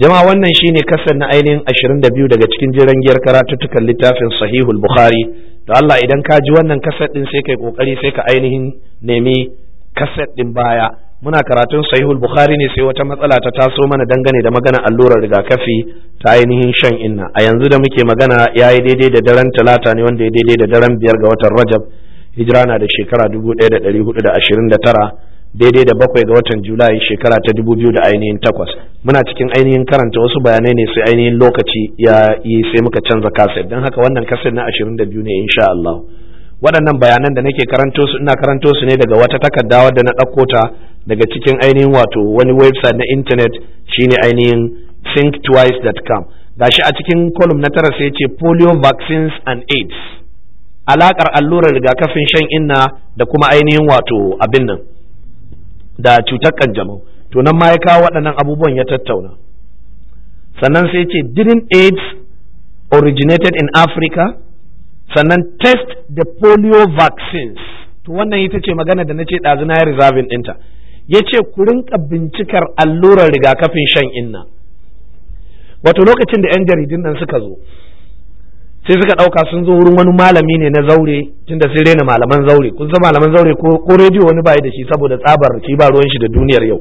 jama'a wannan shine kasar na ainihin 22 daga cikin jiran giyar karatuttukan littafin sahihul bukhari to Allah idan ka ji wannan kasar din sai kai kokari sai ka ainihin nemi kasar din baya muna karatun sahihul bukhari ne sai wata matsala ta taso mana dangane da magana allurar rigakafi ta ainihin shan inna a yanzu da muke magana yayi daidai da daren talata ne wanda ya daidai da daren biyar ga watan rajab hijira na da shekara tara. daidai da bakwai ga watan julai shekara ta dubu biyu da ainihin takwas muna cikin ainihin karanta wasu bayanai ne sai ainihin lokaci ya yi sai muka canza kaset don haka wannan kaset na ashirin da biyu ne insha Allah waɗannan bayanan da nake karanto su ina karanto su ne daga wata takarda wadda na ɗauko ta daga cikin ainihin wato wani website na intanet shine ainihin thinktwice.com shi a cikin kolum na tara sai ce polio vaccines and aids alakar allurar rigakafin shan inna da kuma ainihin wato abin nan da cutar kanjamau to nan ma ya kawo waɗannan abubuwan ya tattauna sannan sai ce didn't AIDS originated in Africa sannan test the polio vaccines to wannan ita ce magana da na ce ɗazuna ya reserving ɗinta ya ce ku rinka bincikar allurar rigakafin shan inna wato lokacin da 'yan jaridun nan suka zo sai suka ɗauka sun zo wurin wani malami ne na zaure tunda sun rena malaman zaure kun san malaman zaure ko rediyo wani bayi da shi saboda tsabar shi ba ruwan shi da duniyar yau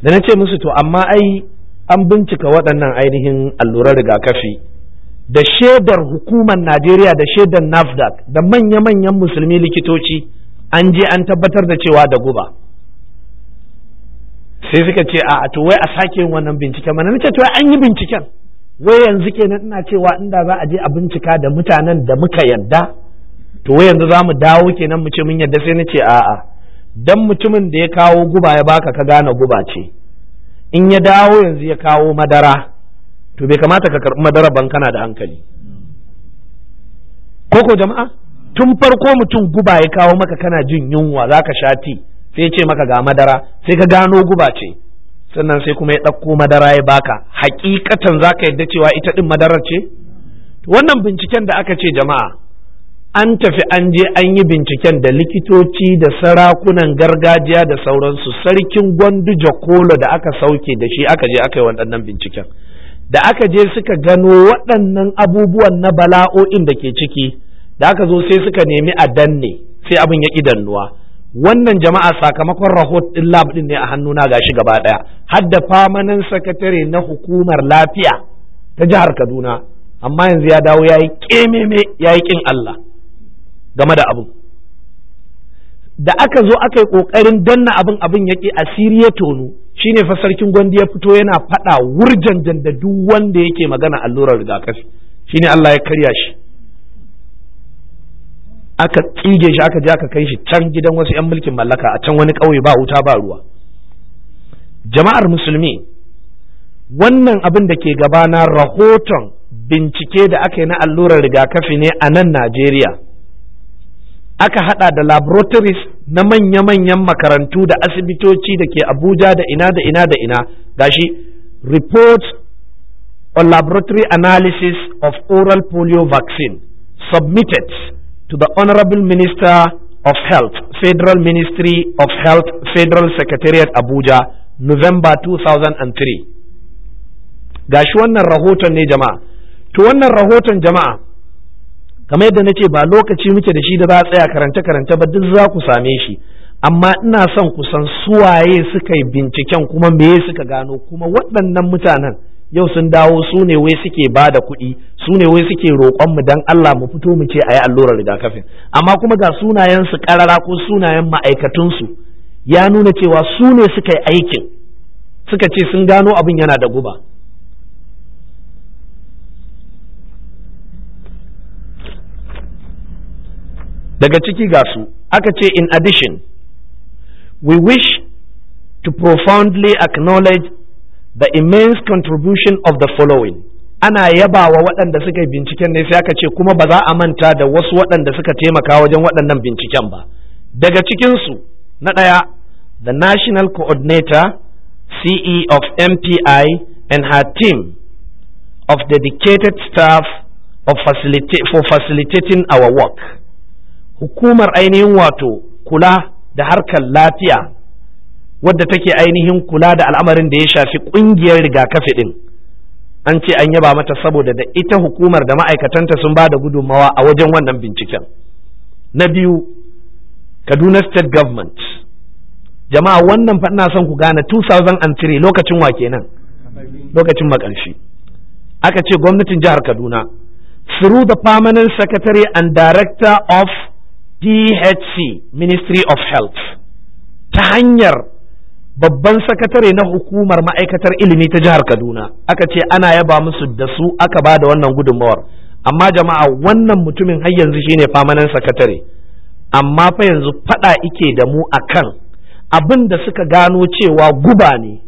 da na ce musu to amma ai an bincika waɗannan ainihin allurar rigakafi da shaidar hukumar najeriya da shaidar nafdac da manya-manyan musulmi likitoci an je an tabbatar da cewa da guba sai suka ce a to wai a sake yin wannan binciken mana nace to an yi binciken wai yanzu kenan ina cewa inda za a je a bincika da mutanen da muka yarda, to wai yanzu za mu dawo kenan mu ce mun yadda sai na ce a'a dan mutumin da ya kawo guba ya baka ka gane guba ce in ya dawo yanzu ya kawo madara to bai kamata ka karɓi madara ban kana da hankali koko jama'a tun farko mutum guba ya kawo maka kana jin yunwa za ka sha ti sai ce maka ga madara sai ka gano guba ce sannan sai kuma ya ɗauko madara ya baka hakikatan za ka yadda cewa ita ɗin madarar ce wannan binciken da aka ce jama'a an tafi an je an yi binciken da likitoci da sarakunan gargajiya da sauransu sarkin gwandu jakolo da aka sauke da shi aka je aka yi waɗannan binciken da aka je suka gano waɗannan abubuwan na bala'o'in da ke ciki da aka zo sai suka nemi a danne sai abin ya ƙi dannuwa wannan jama'a sakamakon rahot din lab din ne a hannuna gashi gaba daya har da famanin sakatare na hukumar lafiya ta jihar Kaduna amma yanzu ya dawo yayi kememe yayi kin Allah game da abu da aka zo aka yi kokarin danna abin abin yake asiri ya tonu shine fa sarkin gwandi ya fito yana fada wurjan da duk wanda yake magana allurar rigakafi shine Allah ya karya shi aka tsige shi aka je aka kai shi can gidan wasu 'yan mulkin mallaka a can wani ƙauye ba wuta ba ruwa jama'ar musulmi wannan abin da ke gabana rahoton bincike da aka yi na allurar rigakafi ne a nan najeriya aka hada da laboratories na manya-manyan makarantu da asibitoci da ke abuja da ina da ina da ina gashi report on laboratory analysis of oral polio vaccine submitted to the Honorable Minister of Health, Federal Ministry of Health, Federal Secretariat Abuja, November 2003. Gashi wannan rahoton ne jama'a. To wannan rahoton jama'a, kamar yadda na ce ba lokaci muke da shi da za a tsaya karance-karance ba duk za ku same shi. Amma ina son kusan san suwaye suka yi binciken kuma me suka gano kuma waɗannan mutanen. yau sun dawo su ne wai suke ba da kuɗi su ne wai suke roƙon mu dan Allah mu fito mu ce a yi allurar rigakafin amma kuma ga sunayen su ƙarara ko sunayen ma'aikatunsu ya nuna cewa su ne suka yi aikin suka ce sun gano abin yana da guba daga ciki ga su aka ce in addition we wish to profoundly acknowledge the immense contribution of the following ana yabawa waɗanda suka yi binciken ne sai aka ce kuma ba za a manta da wasu waɗanda suka taimaka wajen waɗannan binciken ba daga cikinsu na ɗaya the national coordinator ce of mpi and her team of dedicated staff of facilita for facilitating our work hukumar ainihin wato kula da harkar lafiya wadda take ainihin kula da al'amarin da ya shafi ƙungiyar rigakafi ɗin an ce an yaba mata saboda da ita hukumar da ma'aikatanta sun ba da gudunmawa a wajen wannan binciken na biyu kaduna state government jama'a wannan fa ina son ku gane 2003 lokacin wa kenan lokacin makarshi aka ce gwamnatin jihar kaduna through the permanent secretary and director of dhc ministry of health ta hanyar babban sakatare na hukumar ma'aikatar ilimi ta jihar kaduna aka ce ana yaba musu da su aka ba da wannan gudunmawar amma jama'a wannan mutumin har yanzu shine famanan sakatare amma fa yanzu fada ike da mu akan abin da suka gano cewa guba ne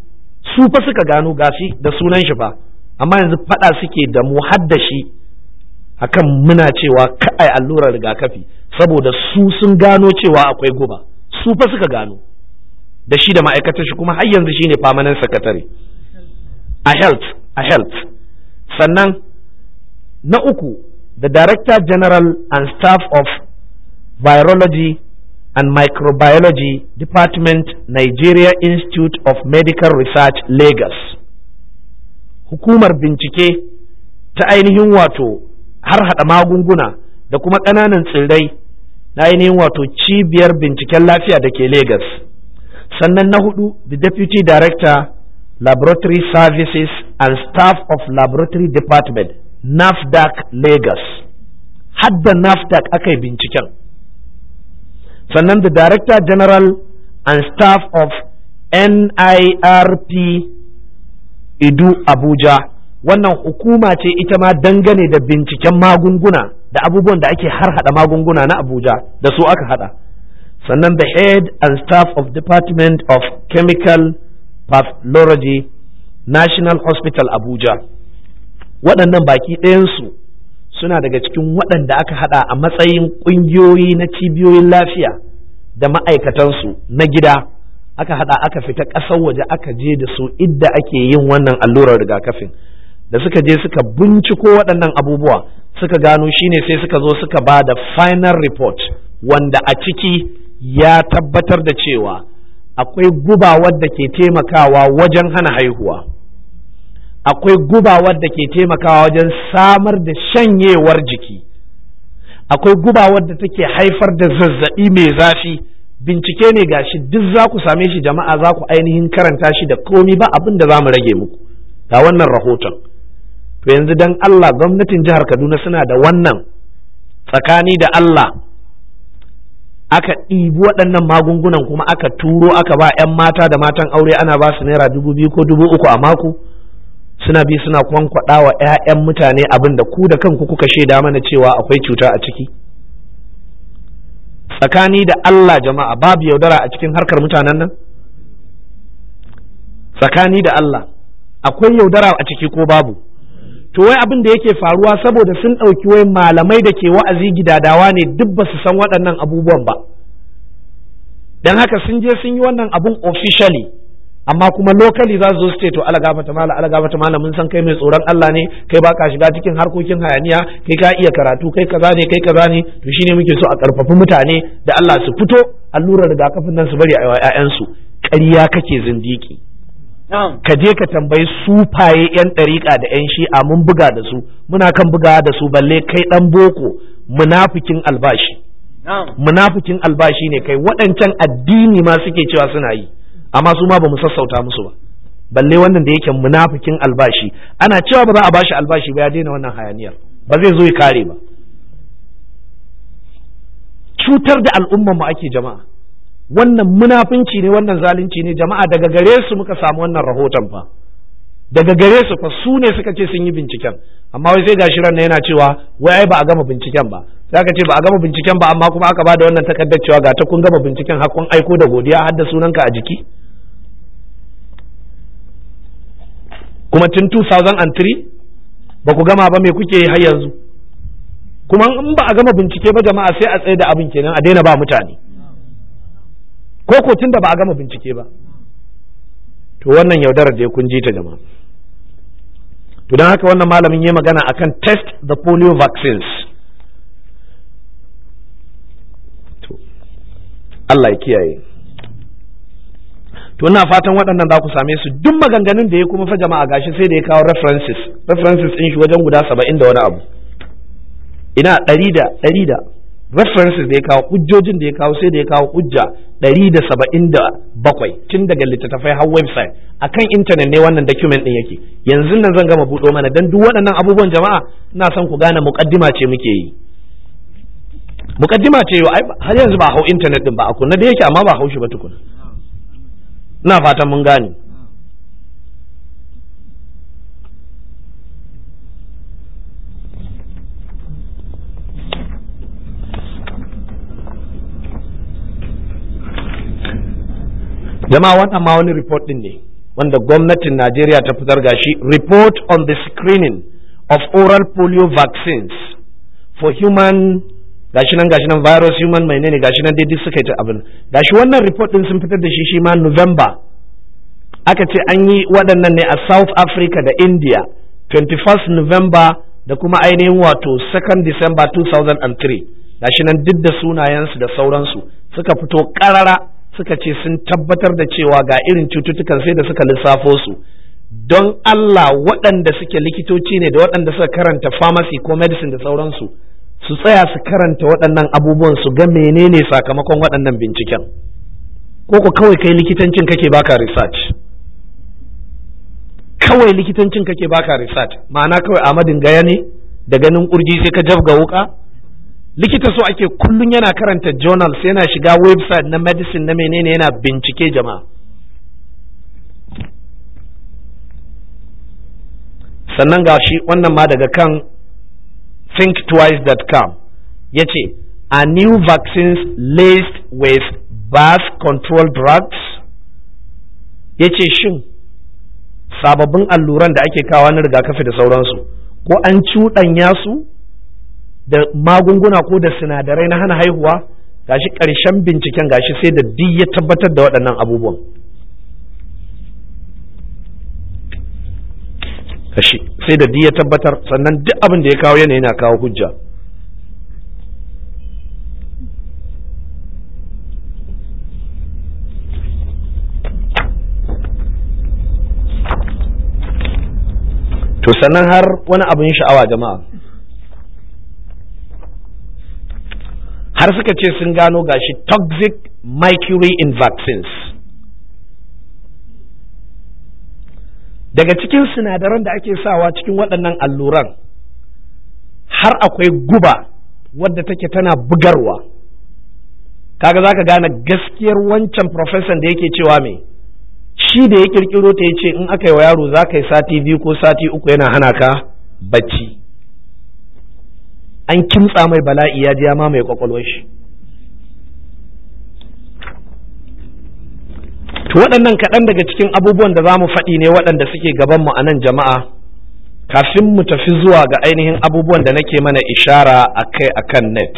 su fa suka gano gashi da sunan shi fa amma yanzu fada suke da mu haddashi shi akan muna cewa ka'ai allurar rigakafi saboda su sun gano cewa akwai guba su fa suka gano da shi da ma'aikatar shi kuma har yanzu shi ne famanan sakatare a health a health sannan na uku the director general and staff of virology and microbiology department nigeria institute of medical research lagos hukumar bincike ta ainihin wato har hada magunguna da kuma ƙananan tsirrai na ainihin wato cibiyar binciken lafiya da ke lagos sannan na hudu the deputy director laboratory services and staff of laboratory department nafdac lagos hadda nafdac aka yi binciken sannan the director general and staff of nirp idu abuja wannan hukuma ce ita ma dangane da binciken magunguna da abubuwan da ake har hada magunguna na abuja da su aka hada sannan the head and staff of department of chemical pathology national hospital abuja waɗannan baki ɗayansu suna daga cikin waɗanda aka haɗa a matsayin ƙungiyoyi na cibiyoyin lafiya da ma'aikatansu na gida aka haɗa aka fita ƙasar waje aka je da su idda ake yin wannan allurar rigakafin da suka je suka binciko waɗannan abubuwa suka gano shine sai suka zo suka ba da final report wanda a ciki ya tabbatar da cewa akwai guba wadda ke taimakawa wajen hana haihuwa akwai guba wadda ke taimakawa wajen samar da shanyewar jiki akwai guba wadda take haifar da zazzabi mai zafi bincike ne gashi duk za ku same shi jama'a za ku ainihin karanta shi da komi ba abin da za mu rage muku ga wannan rahoton to yanzu dan Allah gwamnatin jihar Kaduna suna da wannan tsakani da Allah aka ɗibi waɗannan magungunan kuma aka turo aka ba 'yan mata da matan aure ana ba su naira dubu biyu ko dubu uku a mako suna bi suna kwankwaɗa wa 'ya'yan mutane abinda da ku da kanku kuka shaida mana cewa akwai cuta a ciki tsakani da Allah jama'a babu yaudara a cikin harkar mutanen nan tsakani da Allah akwai yaudara a ciki ko babu to wai abin da yake faruwa saboda sun ɗauki wai malamai da ke wa'azi gidadawa ne duk ba su san waɗannan abubuwan ba don haka sun je sun yi wannan abun officially amma kuma locally za su zo su ce to alaga mata mala mala mun san kai mai tsoron Allah ne kai ba ka shiga cikin harkokin hayaniya kai ka iya karatu kai kaza ne kai kaza ne to shine muke so a karfafi mutane da Allah su fito allurar rigakafin nan su bari a ƴaƴansu ƙarya kake zindiki ka je ka tambayi sufaye yan ɗariƙa da yan shi'a mun buga da su muna kan buga da su balle kai ɗan boko munafikin albashi munafikin albashi ne kai waɗancan addini ma suke cewa suna yi amma su ma ba mu sassauta musu ba balle wannan da yake munafikin albashi ana cewa ba za a bashi albashi ba ya daina wannan hayaniyar ba zai zo ya kare ba cutar da al'ummar mu ake jama'a wannan munafinci ne wannan zalunci ne jama'a daga gare su muka samu wannan rahoton fa daga gare su fa su ne suka ce sun yi binciken amma wai sai gashi ran yana cewa wai ai ba a gama binciken ba ka ce ba a gama binciken ba amma kuma aka ba da wannan takardar cewa ga ta kun gama binciken har kun aiko da godiya har da sunanka a jiki kuma tun 2003 ba ku gama ba me kuke yi har yanzu kuma in ba a gama bincike ba jama'a sai a tsaye da abin kenan a daina ba mutane ko ko tun da ba a gama bincike ba to wannan yaudarar da kun ji ta gama, to don haka wannan malamin ya magana akan test the polio vaccines to Allah ya kiyaye to ina fatan waɗannan za ku same su duk maganganun da ya kuma fa jama'a gashi sai da ya kawo references references din shi wajen guda saba'in da wani abu ina ɗari da ɗari da references da ya kawo hujjojin da ya kawo sai da ya kawo hujja 177 tun daga littattafai har website akan intanet ne wannan document din yake yanzu nan zan gama buɗo mana dan duk waɗannan abubuwan jama'a ina son ku gane mukaddima ce muke yi mukaddima ce yo har yanzu ba hau internet din ba a kunna da yake amma ba hau shi ba tukuna ina fatan mun gane jama'a wannan ma wani report din ne wanda gwamnatin Najeriya ta fitar gashi report on the screening of oral polio vaccines for human gashi nan gashi nan virus human mai ne gashi nan daidai suka yi ta abin gashi wannan report din sun fitar da shi shi ma November aka ce an yi waɗannan ne a South Africa da India 21st November da kuma ainihin wato 2nd December 2003 gashi nan duk da sunayensu da sauransu suka fito ƙarara suka ce sun tabbatar da cewa ga irin cututtukan sai da suka lissafo su don Allah waɗanda suke likitoci ne da waɗanda suka karanta pharmacy ko medicine da sauransu su tsaya su karanta waɗannan abubuwan su ga menene sakamakon waɗannan binciken ko ku kawai kai likitancin kake baka research kawai likitancin kake baka research ma'ana kawai amadin gaya ne da ganin kurji sai ka jabga wuka likita so ake kullum yana karanta journals yana shiga website na medicine na menene yana bincike jama'a sannan ga shi wannan ma daga kan thinktwice.com ya ce a new vaccines laced with birth control drugs ya ce shin sababbin alluran da ake kawo na rigakafi da sauransu ko an cuɗanya su da magunguna ko da sinadarai na hana haihuwa gashi ƙarshen binciken gashi sai da duk ya tabbatar da waɗannan abubuwan kashi sai da ya tabbatar sannan duk abin da ya kawo yana yana kawo hujja to sannan har wani abin sha'awa jama'a har suka ce sun gano gashi toxic mercury in vaccines daga cikin sinadaran da ake sawa cikin waɗannan alluran har akwai guba wadda take tana bugarwa kaga zaka gane gaskiyar wancan profesan da yake cewa me shi da ya kirkiro ta ya ce in aka yi wa yaro za ka yi sati biyu ko sati uku yana hana ka bacci an kimtsa mai bala'i ya ji ma mai kwakwalwar shi to waɗannan kaɗan daga cikin abubuwan da za mu faɗi ne waɗanda suke gabanmu a nan jama'a kafin mu tafi zuwa ga ainihin abubuwan da nake mana ishara a kai a kan net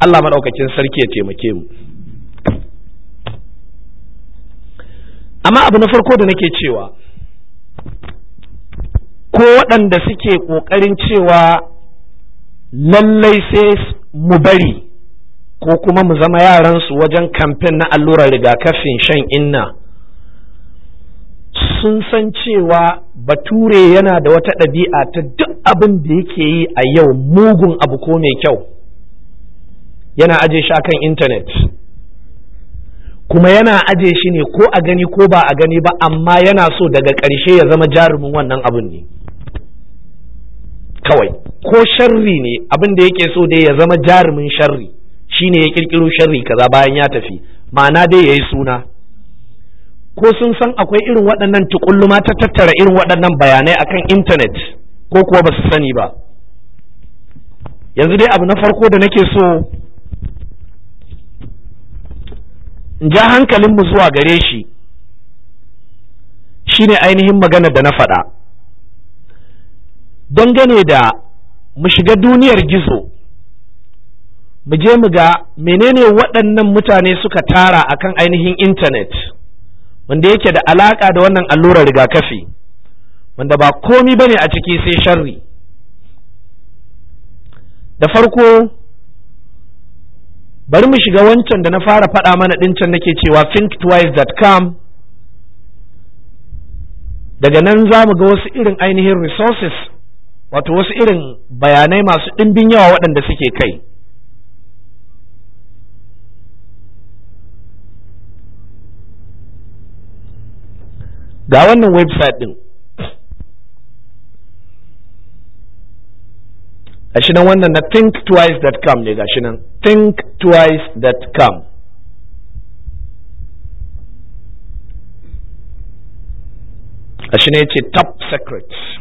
Allah maɗaukakin sarki ya taimake mu amma abu na farko da nake cewa ko waɗanda suke ƙoƙarin cewa lallai sai mu bari ko kuma mu zama yaransu wajen kamfen na allurar rigakafin shan inna sun san cewa bature yana da wata ɗabi'a ta duk abin da yake yi a yau mugun abu ko mai kyau yana aje shi akan intanet kuma yana aje shi ne ko a gani ko ba a gani ba amma yana so daga ƙarshe ya zama jarumin wannan abin ne kawai ko sharri ne abin da yake so dai ya zama jarumin sharri shine ya kirkiro sharri kaza bayan ya tafi ma'ana dai ya yi suna ko sun san akwai irin waɗannan tukulluma ta tattara irin waɗannan bayanai akan intanet ko kuwa ba su sani ba yanzu dai abu na farko da nake so in ja hankalinmu zuwa gare shi shine ainihin magana da na faɗa dangane da mu shiga duniyar gizo mu je mu ga menene waɗannan mutane suka tara akan ainihin intanet wanda yake da alaƙa da wannan allurar rigakafi wanda ba komi bane a ciki sai sharri da farko bari mu shiga wancan da na fara faɗa mana ɗincan nake cewa thinktwice.com daga nan za mu ga wasu irin ainihin resources wato wasu irin bayanai masu ɗimbin yawa waɗanda suke kai ga wannan website ɗin gashi nan wannan na thinktwice.com ne gashi nan thinktwice.com gashi ne ya ce top secrets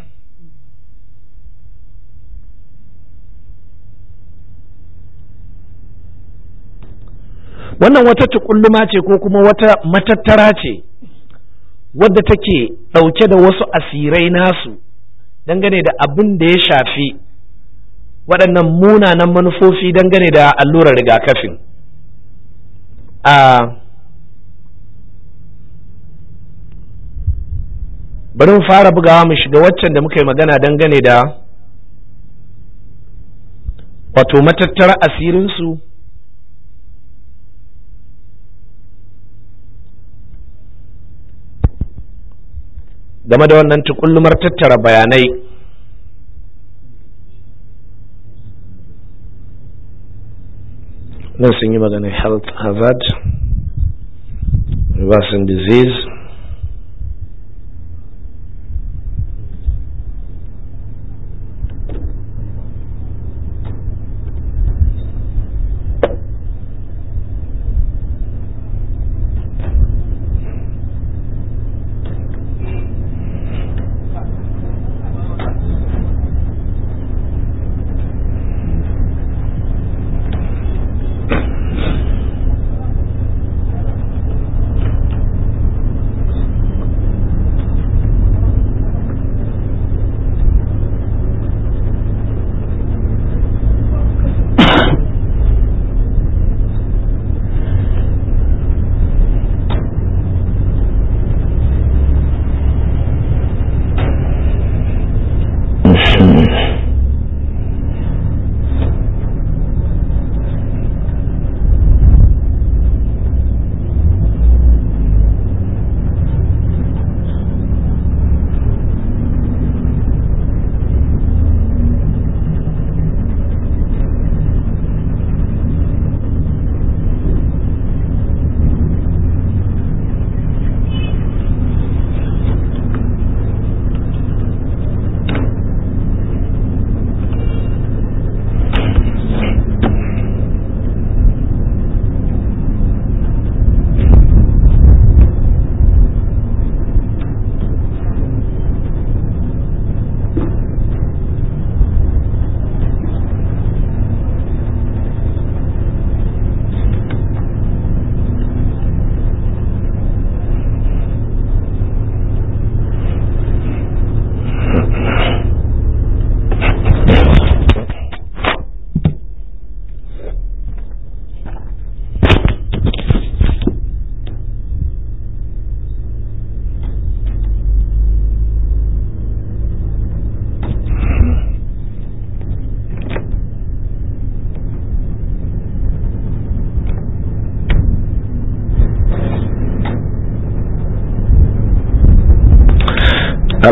wannan wata tukulluma ce ko kuma wata matattara ce wadda take ɗauke da wasu asirai nasu dangane da abin da ya shafi waɗannan munanan manufofi dangane da allurar rigakafin a bari mu fara bugawa mu shiga waccan da muka yi magana dangane da wato matattara asirinsu game da wannan tukullumar tattara bayanai nan sun yi maganin health hazard reversing disease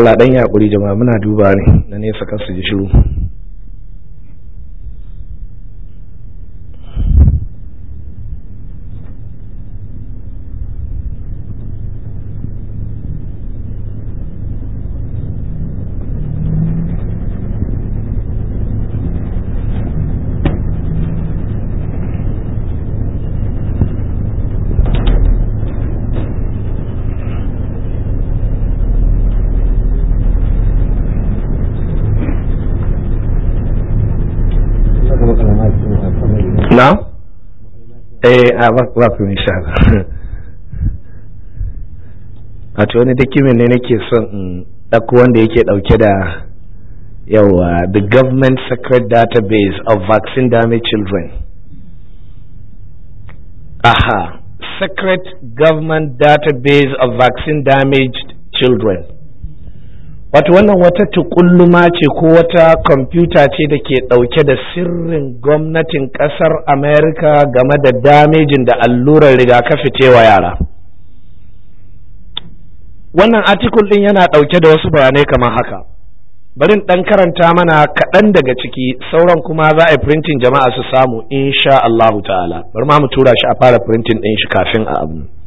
Allah dan ya hakuri jama'a muna duba ne na nesa kan su ji shiru na eh a ba ku insha a to wani ne nake son in ɗauko wanda yake ɗauke da yawa the government secret database of vaccine damaged children aha secret government database of vaccine damaged children wato wannan wata tukulluma ce ko wata kwamfuta ce da ke ɗauke da sirrin gwamnatin ƙasar amerika game da damejin da allurar rigakafi tewa yara wannan artikul ɗin yana ɗauke da wasu bayanai kamar haka bari ɗan karanta mana kaɗan daga ciki sauran kuma za a yi firintin jama'a su samu insha Allahu ta'ala bari ma mu tura shi a fara firintin ɗin shi kafin a abu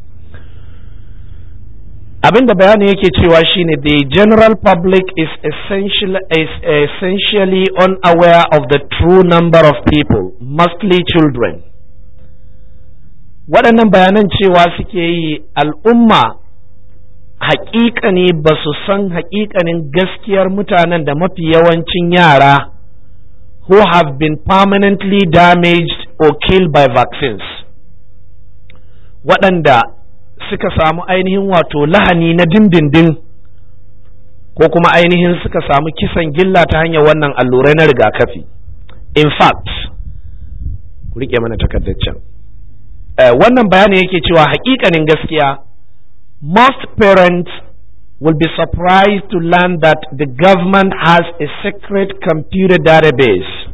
abinda bayanin yake cewa shine the general public is, essentially is essentially unaware of the true number of people mostly children waɗannan bayanan cewa suke yi al'umma haƙiƙani ba su san haƙiƙanin gaskiyar mutanen da mafi yawancin yara who have been permanently damaged or killed by vaccines waɗanda suka samu ainihin wato lahani na dindindin ko kuma ainihin suka samu kisan gilla ta hanyar wannan allurai na rigakafi in fact ku rike mana takardar can eh, wannan bayanin yake cewa hakikanin gaskiya most parents will be surprised to learn that the government has a secret computer database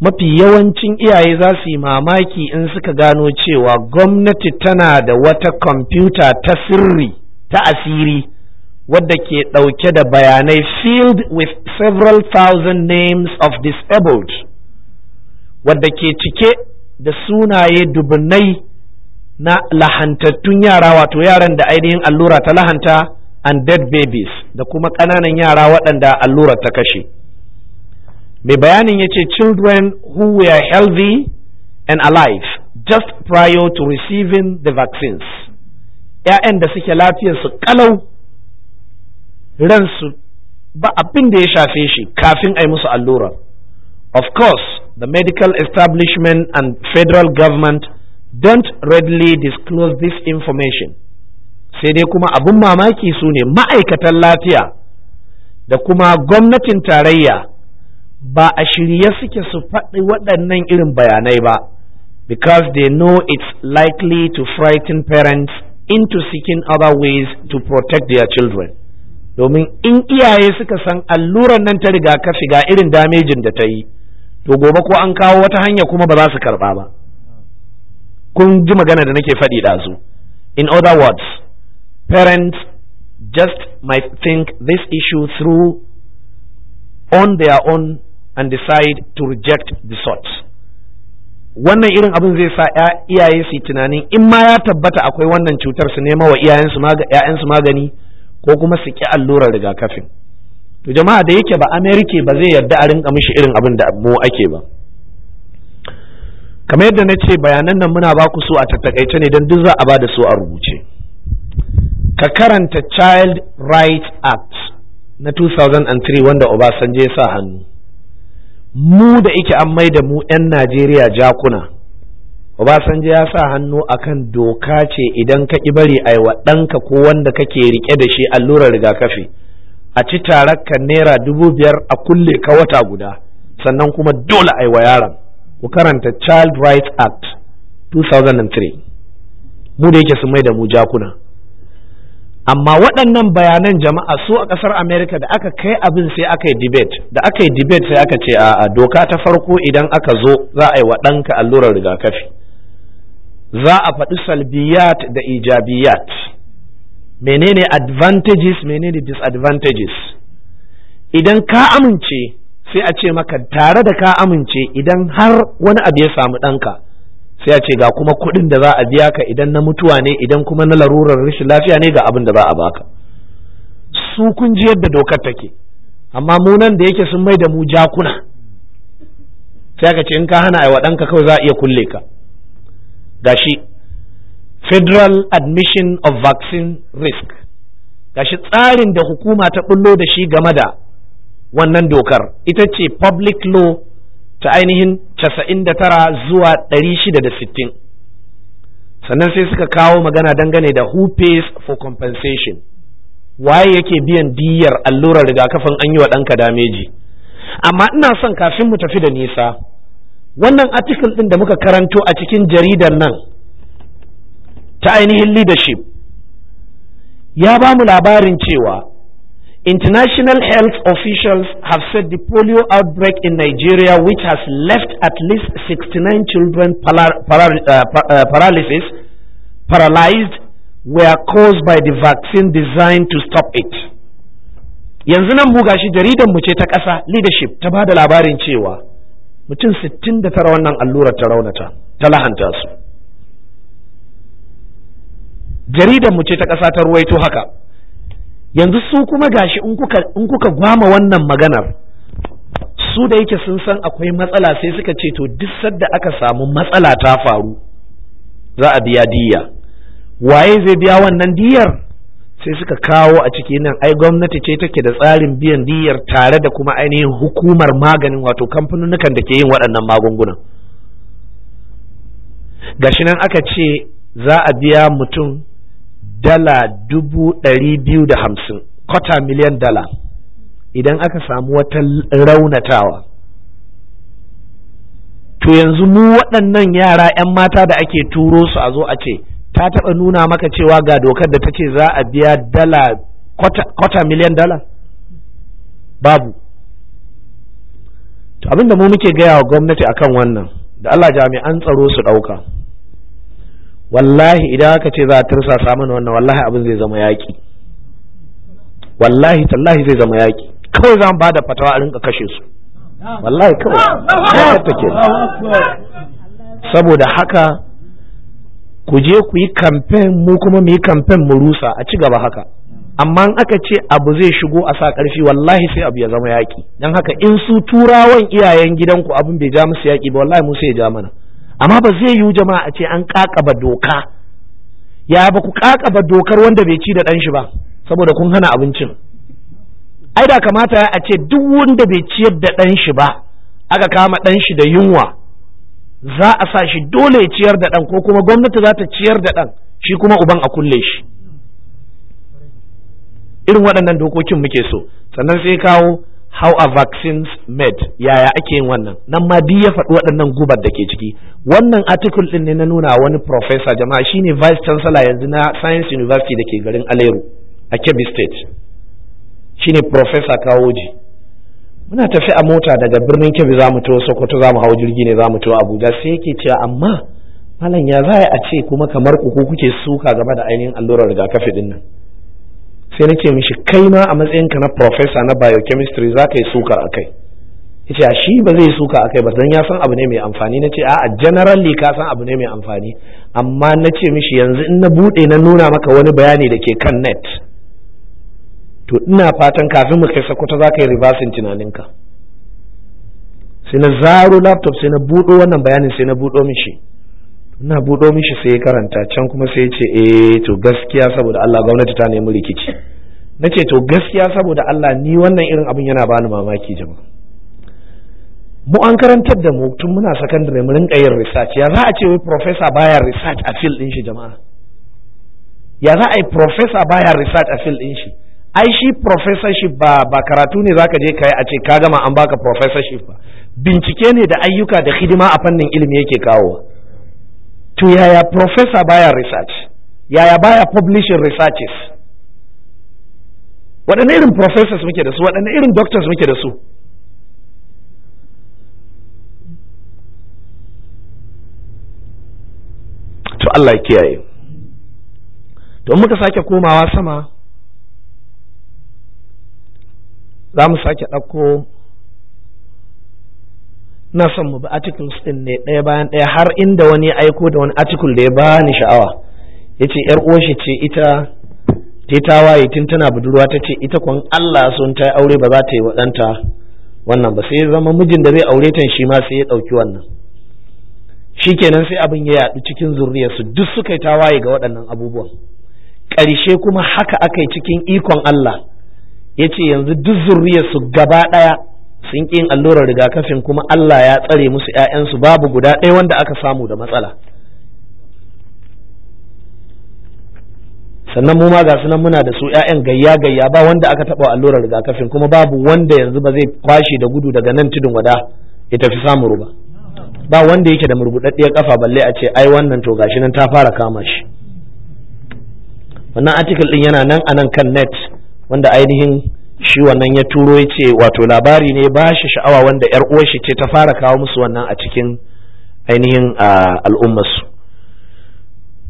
mafi yawancin iyaye za su yi mamaki in suka gano cewa gwamnati tana da wata kwamfuta ta sirri ta asiri wadda ke ɗauke da bayanai filled with several thousand names of disabled wadda ke cike da sunaye dubunai na lahantattun yara wato yaran da ainihin allura ta lahanta and dead babies da kuma ƙananan yara waɗanda allura ta kashe. mai bayanin ya ce children who were healthy and alive just prior to receiving the vaccines ‘ya'yan da suke lafiyarsu kalau ransu ba abin da ya shafe shi kafin a yi musu allura of course the medical establishment and federal government don't readily disclose this information sai dai kuma abin mamaki su ne ma'aikatan lafiya da kuma gwamnatin tarayya ba a shirye suke su faɗi waɗannan irin bayanai ba because they know it's likely to frighten parents into seeking other ways to protect their children domin in iyaye suka san alluran nan ta rigakafi ga irin damejin da ta yi to gobe ko an kawo wata hanya kuma ba za su karba ba kun ji magana da nake faɗi ɗazu in other words parents just might think this issue through on their own and decide to reject the sort wannan irin abin zai sa iyaye su tunanin in ma ya tabbata akwai wannan cutar su nema wa iyayensu magani ko kuma su ki allurar rigakafin to jama'a da yake ba Amerika ba zai yarda a rinka mishi irin abin da mu ake ba kamar yadda na ce bayanan nan muna ba ku su a tattakaice ne don duk za a ba da su a rubuce ka karanta child rights act na 2003 wanda obasanjo ya sa hannu mu da ike an mai da mu 'yan najeriya jakuna obasanjo ya sa hannu akan doka ce idan ka ƙi bari a wa ɗanka ko wanda kake riƙe da shi allurar rigakafi a ci tarakka naira dubu biyar a kulle ka wata guda sannan kuma dole a wa yaron ku karanta child rights act 2003 mu da yake su mai da mu jakuna amma waɗannan bayanan jama'a su a ƙasar Amerika da aka kai abin sai aka yi debate da aka yi debate sai aka ce a doka ta farko idan aka zo za a yi wa ɗanka allurar rigakafi za a faɗi salbiyat da ijabiyat menene advantages menene disadvantages idan ka amince sai a ce maka tare da ka amince idan har wani abu ya samu ɗanka sai a ce ga kuma kuɗin da za a biya ka idan na mutuwa ne idan kuma na larurar rashin lafiya ne ga abin da za a baka su kun ji yadda dokar take amma mu nan da yake sun mai da mu jakuna sai aka ce in ka hana aiwa ɗanka kawai za a iya kulle ka gashi federal admission of vaccine risk gashi tsarin da hukuma ta bullo da shi game da wannan dokar ita ce public law ta ainihin tara zuwa ɗari shida da sittin, sannan sai suka kawo magana dangane da who pays for compensation waye yake biyan diyar allurar rigakafin an yi wa ɗanka dameji amma ina son kafin mu tafi da nisa wannan article ɗin da muka karanto a cikin jaridar nan ta ainihin leadership ya ba mu labarin cewa International health officials have said the polio outbreak in Nigeria, which has left at least 69 children para para uh, uh, paralysis, paralyzed, were caused by the vaccine designed to stop it. Yanzu nan buga shi jaridan mu ce ta ƙasa leadership ta ba da labarin cewa mutum 69 wannan allurar ta raunata ta lahanta su. Jaridan mu ce ta ƙasa ta ruwaito haka. yanzu su kuma gashi in kuka in kuka gwama wannan maganar su da yake sun san akwai matsala sai suka ce to duk sadda aka samu matsala ta faru za a biya diyya. waye zai biya wannan diyar sai suka kawo a ciki nan ai gwamnati ce take da tsarin biyan diyar tare da kuma ainihin hukumar maganin wato kamfanonukan da ke yin waɗannan magungunan gashi nan aka ce za a biya mutum dala dubu ɗari biyu da hamsin kwata miliyan dala idan aka samu wata raunatawa to yanzu mu waɗannan yara 'yan mata da ake turo su a zo a ce ta taɓa nuna maka cewa ga dokar da ta ce za a biya dala kwata miliyan dala babu to abinda mu muke gaya wa gwamnati akan wannan da Allah jami'an tsaro su ɗauka wallahi idan aka ce za a tursasa mana wannan wallahi abin zai zama yaƙi wallahi tallahi zai zama yaƙi kawai za mu ba da fatawa a rinka kashe su wallahi kawai saboda haka ku je ku yi kamfen mu kuma mu yi kamfen mu rusa a ci gaba haka amma in aka ce abu zai shigo a sa karfi wallahi sai abu ya zama yaƙi don haka in su turawan iyayen gidanku abin bai ja musu yaƙi ba wallahi mu sai ya ja mana amma ba zai yiwu jama'a a ce an kakaba doka ya ba ku kakaba dokar wanda bai ci da ɗan shi ba saboda kun hana abincin ai da kamata a ce duk wanda bai ciyar da ɗan shi ba aka kama ɗan shi da yunwa za a sa shi dole ya ciyar da ɗan ko kuma gwamnati za ta ciyar da ɗan shi kuma uban a kulle shi irin waɗannan dokokin muke so sannan sai kawo how are vaccines made yaya ake yin wannan nan ma duk ya faɗi waɗannan gubar da ke ciki wannan article ɗin ne na nuna wani professor jama'a shine vice chancellor yanzu na science university da ke garin aleru a kebbi state shine professor kawoji muna tafi a mota daga birnin kebbi za mu to sokoto za mu hau jirgi ne za mu to abuja sai yake cewa amma malam ya za a ce kuma kamar ku kuke suka game da ainihin allurar rigakafi ɗin nan sai na ce mishi kai ma a matsayinka na professor na biochemistry za ka yi suka a kai yace shi ba zai suka a kai ba dan ya san abu ne mai amfani nace a generally ka san abu ne mai amfani amma nace mishi yanzu in na bude na nuna maka wani bayani da ke kan net to ina fatan kafin mu kai sakwata za ka yi reversing tunaninka sai na zaro laptop sai na budo wannan bayanin sai na budo mishi ina buɗo mishi sai ya karanta can kuma sai ya ce eh to gaskiya saboda Allah gwamnati ta nemi rikici nace to gaskiya saboda Allah ni wannan irin abin yana bani mamaki jama'a mu an karantar da mu tun muna sakandare mu rinka yin research ya za a ce wai professor baya research a field din shi jama'a ya za a yi professor baya research a field din shi ai shi professorship ba ba karatu ne zaka je kai a ce ka gama an baka professorship ba bincike ne da ayyuka da hidima a fannin ilimi yake kawo to yaya professor baya research yaya baya publishing researches waɗanne irin professors muke da su waɗanne irin doctors muke da su to Allah ya kiyaye to muka sake komawa sama za mu sake ɗauko na son mu bi articles din ne ɗaya bayan ɗaya har inda wani aiko da wani article da ya bani sha'awa ya ce yar uwar ce ita ta waye tun tana budurwa ta ce ita kwan Allah sun ta aure ba za ta yi waɗanta wannan ba sai zama mijin da zai aure ta shi ma sai ya ɗauki wannan Shi kenan sai abin ya yaɗu cikin zurriyarsu duk suka yi tawaye ga waɗannan abubuwan ƙarshe kuma haka aka yi cikin ikon Allah ya ce yanzu duk su gaba ɗaya sun ƙin allurar rigakafin kuma Allah ya tsare musu ‘ya'yansu babu guda ɗaya wanda aka samu da matsala sannan mu ma ga sunan muna da su ‘ya'yan gayya gayya ba wanda aka taɓa allurar rigakafin kuma babu wanda yanzu ba zai kwashe da gudu daga nan tudun wada ya tafi samu ruba ba wanda yake da murbuɗaɗɗiyar kafa balle a ce ai wannan to gashi nan ta fara kama shi wannan article ɗin yana nan a nan kan net wanda ainihin shi wannan ya turo ya ce wato labari ne ba shi sha'awa wanda yar uwar shi ce ta fara kawo musu wannan a cikin ainihin al'ummarsu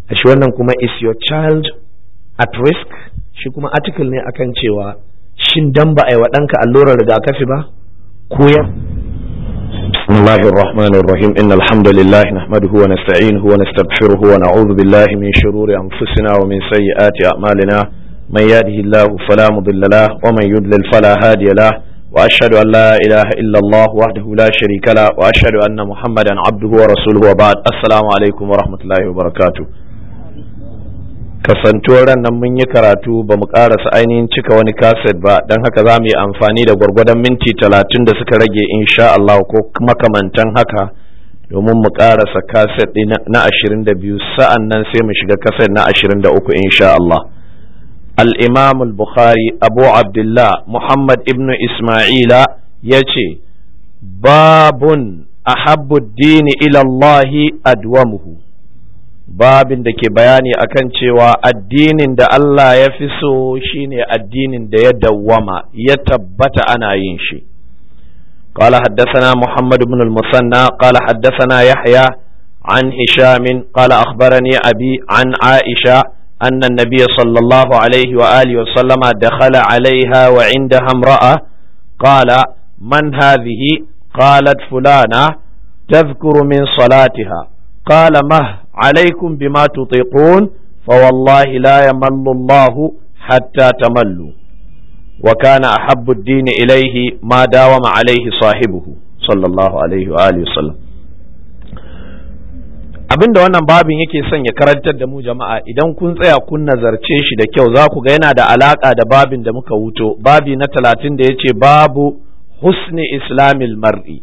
a shi wannan kuma is your child at risk shi kuma article ne akan cewa shin dan ba a yi wa ɗanka allurar rigakafi ba ko ya بسم الله الرحمن الرحيم إن الحمد لله نحمده ونستعينه ونستغفره ونعوذ بالله من شرور أنفسنا ومن سيئات من يهده الله فلا مضل له ومن يضلل فلا هادي له واشهد ان لا اله الا الله وحده لا شريك له واشهد ان محمدا عبده ورسوله وبعد السلام عليكم ورحمه الله وبركاته kasantuwar nan mun yi karatu ba mu karasa ainihin cika wani kaset ba don haka za mu yi amfani da gwargwadon minti talatin da suka rage insha Allah ko makamantan haka domin mu karasa kaset na ashirin da biyu sa'an nan sai mu shiga kaset na ashirin da uku insha Allah الإمام البخاري أبو عبد الله محمد ابن إسماعيل يجي باب أحب الدين إلى الله أدومه babin da ke bayani akan cewa addinin da Allah ya fi so shine addinin da ya dawwama ya tabbata ana yin shi قال حدثنا محمد بن المثنى قال حدثنا يحيى عن هشام قال أخبرني أبي عن عائشة أن النبي صلى الله عليه وآله وسلم دخل عليها وعندها امرأة قال من هذه قالت فلانة تذكر من صلاتها قال مه عليكم بما تطيقون فوالله لا يمل الله حتى تملوا وكان أحب الدين إليه ما داوم عليه صاحبه صلى الله عليه وآله وسلم Abin da wannan babin yake son ya karantar da mu jama'a idan kun tsaya kun nazarce shi da kyau za ku ga yana da alaƙa da babin da muka wuto babi na talatin da ya ce babu husni islamil mar'i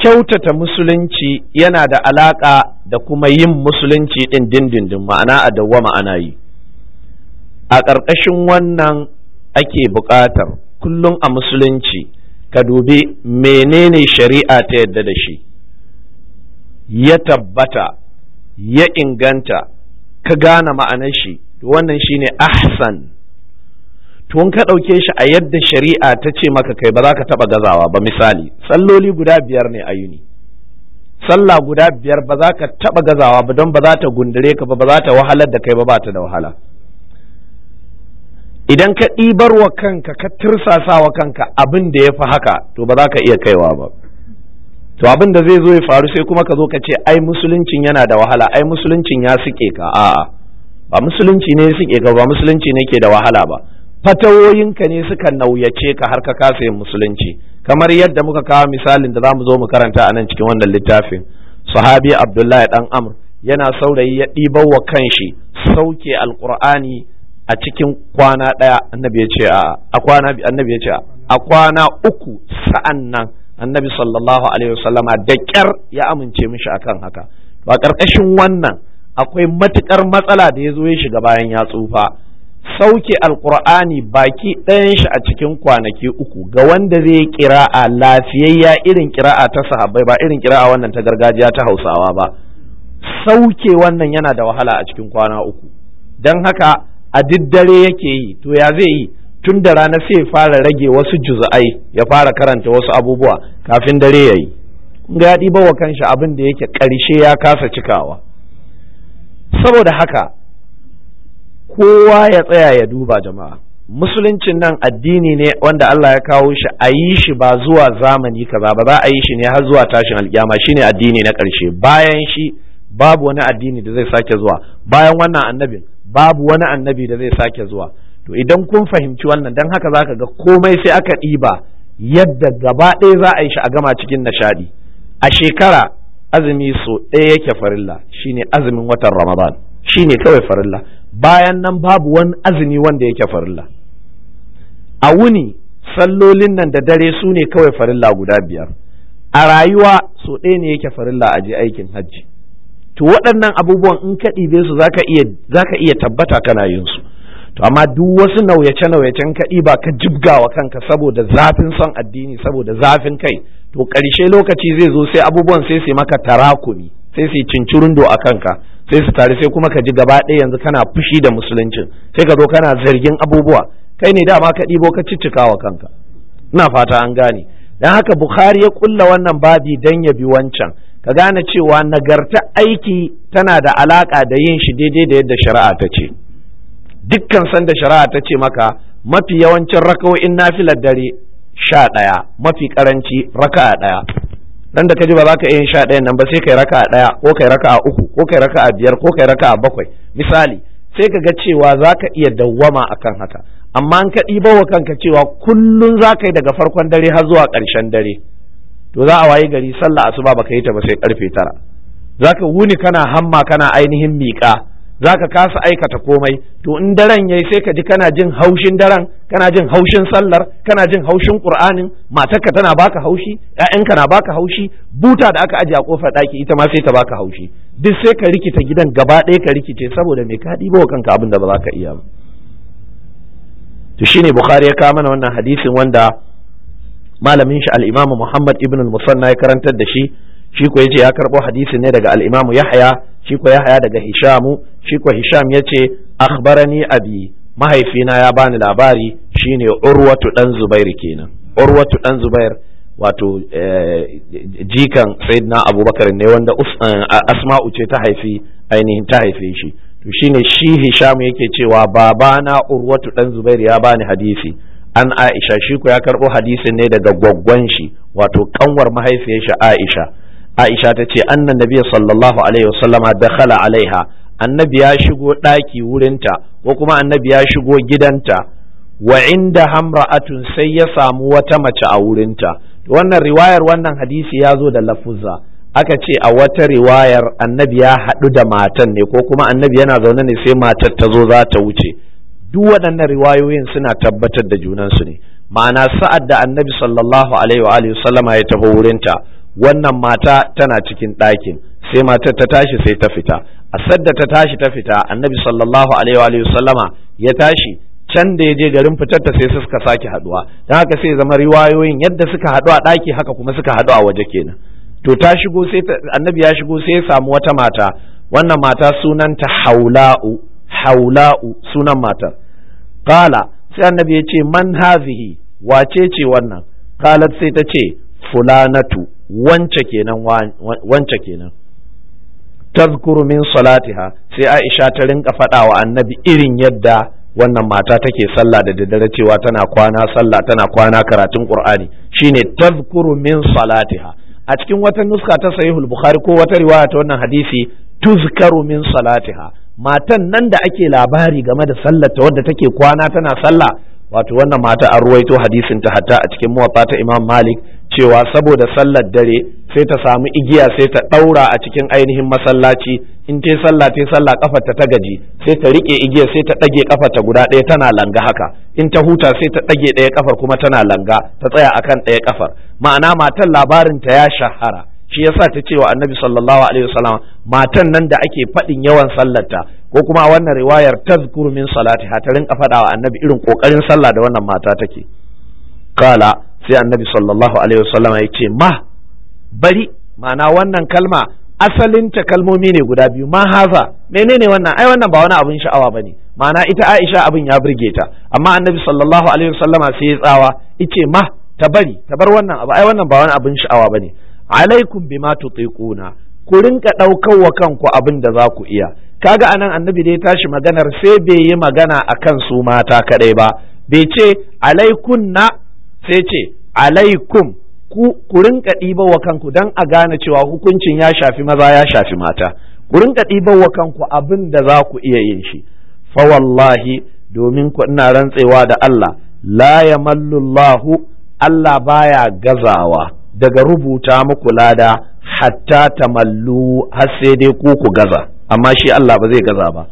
kyautata musulunci yana da alaƙa da kuma yin musulunci din dindindin ma'ana a dawwama ana yi a ƙarƙashin wannan ake buƙatar kullum a musulunci ka dubi menene shari'a ta yadda da shi ya tabbata ya inganta ka gane ma'anar shi wannan shine ahsan to ka ɗauke shi a yadda shari'a ta ce maka kai ba za ka taɓa gazawa ba misali salloli guda biyar ne a yuni sallah guda biyar ba za ka taɓa gazawa ba don ba za ta gundare ka ba ba za ta wahalar da kai ba ba ta da wahala idan ka ɗibar wa kanka ka tirsasa wa kanka abin da ya fi haka to ba za ka iya kaiwa ba to abin da zai zo ya faru sai kuma ka zo ka ce ai musuluncin yana da wahala ai musuluncin ya suke ka a'a ba musulunci ne suke ka ba musulunci ne ke da wahala ba fatawoyinka ne suka nauyace ka har ka kasa yin musulunci kamar yadda muka kawo misalin da za mu zo mu karanta a nan cikin wannan littafin sahabi abdullahi dan amr yana saurayi ya ɗibar wa kanshi sauke alqur'ani a cikin kwana ɗaya annabi ya ce a kwana annabi ya ce a kwana uku sa'an nan annabi sallallahu alaihi wasallama da kyar ya amince mishi akan haka ba a ƙarƙashin wannan akwai matuƙar matsala da ya zo ya shiga bayan ya tsufa sauke alƙur'ani baki ɗayan shi a cikin kwanaki uku ga wanda zai kira'a lafiyayya irin kira'a ta sahabbai ba irin kira'a wannan ta gargajiya ta hausawa ba sauke wannan yana da wahala a cikin kwana uku don haka a diddare yake yi to ya zai yi tun da rana sai ya fara rage wasu juz'ai ya fara karanta wasu abubuwa kafin dare ya yi. ga ya ɗiba wa kanshi abin da yake ƙarshe ya kasa cikawa saboda haka kowa ya tsaya ya duba jama'a musuluncin nan addini ne wanda Allah ya kawo shi a yi shi ba zuwa zamani kaza ba za a yi shi ne har zuwa tashin alkiyama shine addini na ƙarshe bayan shi babu wani addini da zai sake zuwa bayan wannan annabin babu wani annabi da zai sake zuwa to idan kun fahimci wannan don haka za ka ga komai sai aka ɗiba yadda gaba ɗaya za a yi shi a gama cikin nishaɗi a shekara azumi so ɗaya yake farilla shine azumin watan ramadan shine kawai farilla bayan nan babu wani azumi wanda yake farilla a wuni sallolin nan da dare su ne kawai farilla guda biyar a rayuwa so ɗaya ne yake farilla a je aikin hajji to waɗannan abubuwan in ka ɗibe su za ka iya tabbata kana yin su to amma duk wasu nauyace nauyacen ka ba ka jibgawa kanka saboda zafin son addini saboda zafin kai to ƙarshe lokaci zai zo sai abubuwan sai su maka tarakumi sai su cincirindo a kanka sai su tare sai kuma ka ji gaba ɗaya yanzu kana fushi da musuluncin sai ka zo kana zargin abubuwa kai ne dama ka ɗibo ka ciccikawa kanka ina fata an gane dan haka bukhari ya kulla wannan babi dan ya bi wancan ka gane cewa nagarta aiki tana da alaka da yin shi daidai da yadda shari'a ta ce dukkan sanda shari'a ta ce maka mafi yawancin raka'o'in nafilar dare sha ɗaya mafi karanci raka'a ɗaya dan da kaji ba za ka iya yin sha ɗaya, nan ba sai kai raka'a ɗaya ko kai raka a uku ko kai a biyar ko kai raka'a bakwai misali sai ka ga cewa za ka iya dawwama akan haka amma an ka ɗiba wa kanka cewa kullum za ka yi daga farkon dare har zuwa ƙarshen dare to za a wayi gari sallah asuba baka yi ta ba sai ƙarfe tara za ka wuni kana hamma kana ainihin miƙa Za ka kasa aikata komai to in daren yayi sai ka ji kana jin haushin daren kana jin haushin sallar kana jin haushin qur'anin matarka tana baka haushi ƴaƴanka na baka haushi buta da aka aje a kofar daki ita ma sai ta baka haushi duk sai ka rikita gidan gaba ɗaya ka rikice saboda me ka ɗibo kanka abin da ba za ka iya ba to shine bukhari ya kawo mana wannan hadisin wanda malamin shi al-imamu muhammad ibn al-musanna ya karantar da shi shi ko yace ya karbo hadisin ne daga al-imamu yahya shi ko haya daga Hishamu shi ko Hisham yace akhbarani abi mahaifina ya bani labari shine Urwatu dan Zubair kenan Urwatu dan Zubair wato eh, jikan Sayyidina Abubakar ne wanda eh, Asma'u ce ta haifi ainihin ta haife shi to shine shi Hisham yake cewa babana Urwatu dan Zubair ya bani hadisi an Aisha shi ko ya karbo hadisin ne daga gwaggwan shi wato kanwar mahaifiyar shi Aisha aisha ta ce annan sallallahu alaihi da dakhala alaiha annabi ya shigo ɗaki wurinta ko kuma annabi ya shigo gidanta wa inda hamra'atun sai ya samu wata mace a wurinta wannan riwayar wannan hadisi ya zo da lafuzza aka ce a wata riwayar annabi ya haɗu da matan ne ko kuma annabi yana zaune ne sai matar ta zo za ta wuce duk waɗannan riwayoyin suna tabbatar da junansu ne ma'ana sa'ad da annabi sallallahu alaihi wa alihi sallama ya taho wurinta wannan mata tana cikin ɗakin sai matar ta tashi sai ta fita a sadda ta tashi ta fita annabi sallallahu alaihi wa sallama ya tashi can da ya je garin fitar ta sai suka sake haduwa don haka sai zama riwayoyin yadda suka haɗu a ɗaki haka kuma suka haɗu a waje kenan to ta shigo sai annabi ya shigo sai ya samu wata mata wannan mata sunanta haula'u haula'u sunan matar qala sai annabi ya ce man hazihi wace ce wannan qalat sai ta ce fulanatu wance kenan wance kenan tazkuru min salatiha sai Aisha ta rinka faɗa wa annabi irin yadda wannan mata take sallah da daddare cewa tana kwana sallah tana kwana karatun Qur'ani shine tazkuru min salatiha a cikin wata nuska ta sahihul bukhari ko wata riwaya ta wannan hadisi tuzkaru min salatiha matan nan da ake labari game da sallar ta wadda take kwana tana sallah wato wannan mata an ruwaito hadisin ta hatta a cikin muwatta ta Imam Malik cewa saboda sallar dare sai ta samu igiya sai ta ɗaura a cikin ainihin masallaci in ta sallah ta sallah kafarta ta gaji sai ta riƙe igiya sai ta ɗage kafarta guda ɗaya tana langa haka in ta huta sai ta ɗage ɗaya kafar kuma tana langa ta tsaya akan ɗaya kafar ma'ana matan labarinta ya shahara shi yasa ta ce wa annabi sallallahu alaihi wasallam matan nan da ake faɗin yawan sallarta ko kuma wannan riwayar tazkur min salati ha ta rinka faɗawa wa annabi irin kokarin sallah da wannan mata take kala sai annabi sallallahu alaihi wasallam ya ce ma bari ma'ana wannan kalma asalinta kalmomi ne guda biyu ma haza menene wannan ai wannan ba wani abin sha'awa bane ma'ana ita Aisha abin ya burge ta amma annabi sallallahu alaihi wasallama sai ya tsawa ice ma ta bari ta bar wannan abu ai wannan ba wani abin sha'awa bane alaikum bima tutiquna ku rinka daukar wa kanku abin da za ku iya kaga anan annabi da ya tashi maganar sai bai yi magana akan su mata kadai ba bai ce alaikunna sai ce alaikum ku ku rinka ɗiba wa kanku don a gane cewa hukuncin ya shafi maza ya shafi mata ku rinka ɗiba wa kanku abin da za ku iya yin shi fa wallahi domin ku ina rantsewa da Allah la ya mallullahu! Allah baya gazawa daga rubuta muku lada hatta mallu" har sai dai ku ku gaza amma shi Allah ba zai gaza ba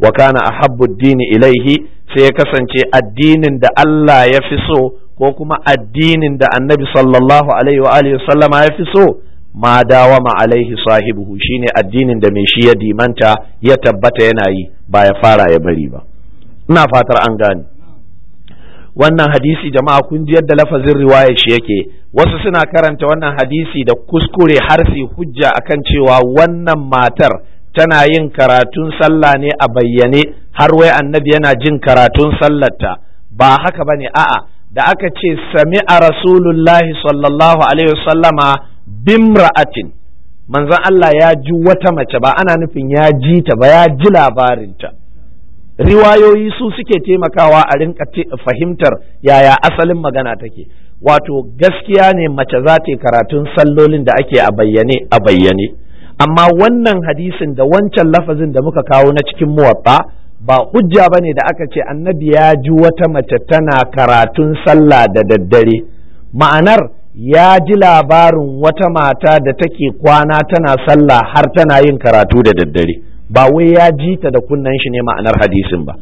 wa kana ahabbu dini ilaihi sai ya kasance addinin da Allah ya fi so ko kuma addinin da annabi sallallahu alaihi wa alihi sallama ya fi so ma ma alaihi sahibuhu shine addinin da mai shi ya dimanta ya tabbata yana yi ba ya fara ya bari ba ina fatar an gane wannan hadisi jama'a kun ji yadda lafazin riwaya shi yake wasu suna karanta wannan hadisi da kuskure har su hujja akan cewa wannan matar tana yin karatun sallah ne a bayyane har wai annabi yana jin karatun sallarta ba haka bane a'a da aka ce sami sami'a rasulullahi sallallahu alaihi wasallama bimra'atin manzan Allah ya ji wata mace ba ana nufin ya ji ta ba ya ji labarinta riwayoyi su suke taimakawa a rinka fahimtar yaya asalin magana take wato gaskiya ne mace za ta yi karatun sallolin da ake a bayyane a bayyane amma wannan hadisin da wancan lafazin da muka kawo na cikin muwatta ba hujja ba ne da aka ce annabi ya ji wata mace tana karatun sallah da daddare ma'anar ya ji labarin wata mata da take kwana tana sallah har tana yin karatu da daddare ba wai ya ji ta da kunnan shi ne ma'anar hadisin ba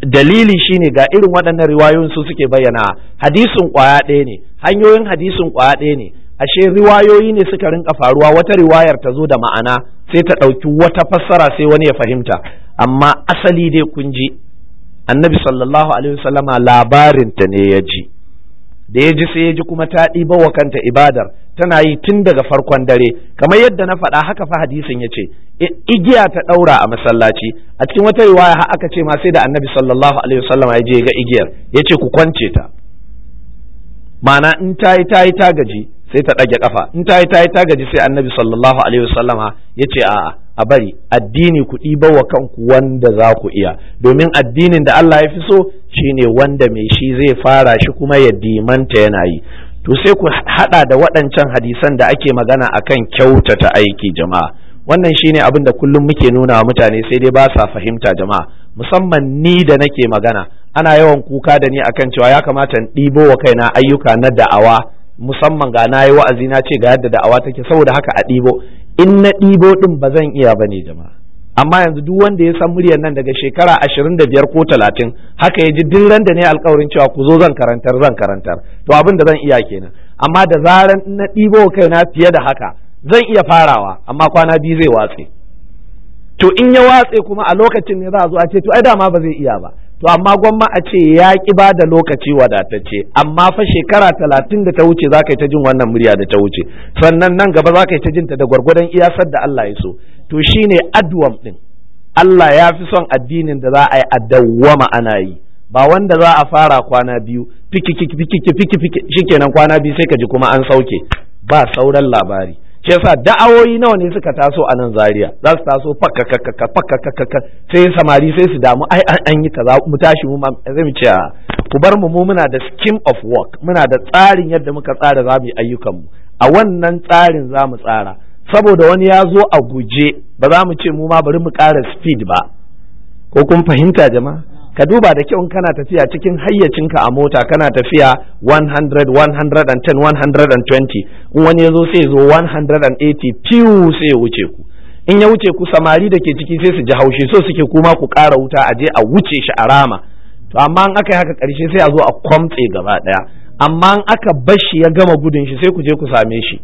dalili shine ga irin waɗannan riwayoyin su suke bayyana hadisin ƙwaya ɗaya ne hanyoyin hadisin ƙwaya ɗaya ne ashe riwayoyi ne suka rinka faruwa wata riwayar ta zo da ma'ana sai ta ɗauki wata fassara sai wani ya fahimta amma asali dai kun ji annabi sallallahu alaihi wasallama labarinta ne ya ji da ya ji sai ya ji kuma ta ɗiba wa kanta ibadar tana yi tun daga farkon dare kamar yadda na faɗa haka fa hadisin ya ce igiya ta ɗaura a masallaci a cikin wata riwaya har aka ce ma sai da annabi sallallahu alaihi wasallama ya je ga igiyar ya ce ku kwance ta Mana in ta yi ta yi ta gaji sai ta ɗage ƙafa. in ta yi ta yi ta gaji sai annabi sallallahu alaihi wasallama ya ce a'a a bari addini ku ɗiba wa kanku wanda za ku iya domin addinin da Allah ya fi so shine wanda mai shi zai fara shi kuma ya dimanta yana yi to sai ku haɗa da waɗancan hadisan da ake magana akan kyautata aiki jama'a wannan shine abin da kullum muke nuna wa mutane sai dai ba sa fahimta jama'a musamman ni da nake magana ana yawan kuka da ni akan cewa ya kamata in ɗibo wa kaina ayyuka na da'awa musamman ga na yi wa'azi na ce ga yadda da'awa take saboda haka a ɗibo in na ɗibo ɗin ba zan iya ba ne jama'a amma yanzu duk wanda ya san muryar nan daga shekara ashirin da biyar ko talatin haka ya ji duk ran da ne alkawarin cewa ku zo zan karantar zan karantar to abin da zan iya kenan amma da zaran na ɗibo kai na fiye da haka zan iya farawa amma kwana biyu zai watse to in ya watse kuma a lokacin ne za a zo a ce to ai dama ba zai iya ba to amma gwamma a ce ya ki ba da lokaci wadatacce amma fa shekara talatin da ta wuce za ka yi ta jin wannan murya da ta wuce sannan nan gaba za ka yi ta jinta da gwargwadon iyasar da Allah ya so to shi ne adwam ɗin, Allah ya fi son addinin da za a yi a ana yi ba wanda za a fara kwana biyu fiki fiki fiki fiki shikenan kwana biyu sai ka ji kuma an sauke ba sauran labari shi yasa da'awoyi nawa ne suka taso a nan zaria za su taso fakka kakka sai samari sai su damu ai an yi kaza mu tashi mu zai mu ce ku bar mu mu muna da scheme of work muna da tsarin yadda muka tsara za mu yi ayyukan mu a wannan tsarin za mu tsara saboda wani ya zo a guje ba za mu ce mu ma bari mu ƙara speed ba ko kun fahimta jama'a ka duba da kyau kana tafiya cikin hayyacinka a mota kana tafiya 100 110 120 in wani ya zo sai zo 180 piu sai ya wuce ku in ya wuce ku samari da ke ciki sai su ji haushi so suke kuma ku ƙara wuta a je a wuce shi a rama to amma in aka yi haka ƙarshe sai a zo a kwamtse gaba ɗaya amma in aka bashi ya gama gudun shi sai ku je ku same shi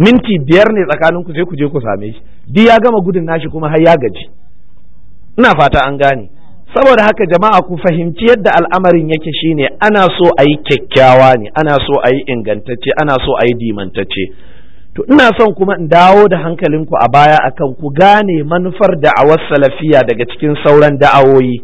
minti biyar ne tsakanin ku sai ku je ku same shi duk ya gama gudun nashi kuma har ya gaji ina fata an gane saboda haka jama'a ku fahimci yadda al'amarin yake shine ana so a yi kyakkyawa ne ana so a yi ingantacce ana so a yi dimantacce to ina son kuma in dawo da hankalinku a baya akan ku gane manufar da'awar salafiya daga cikin sauran da'awoyi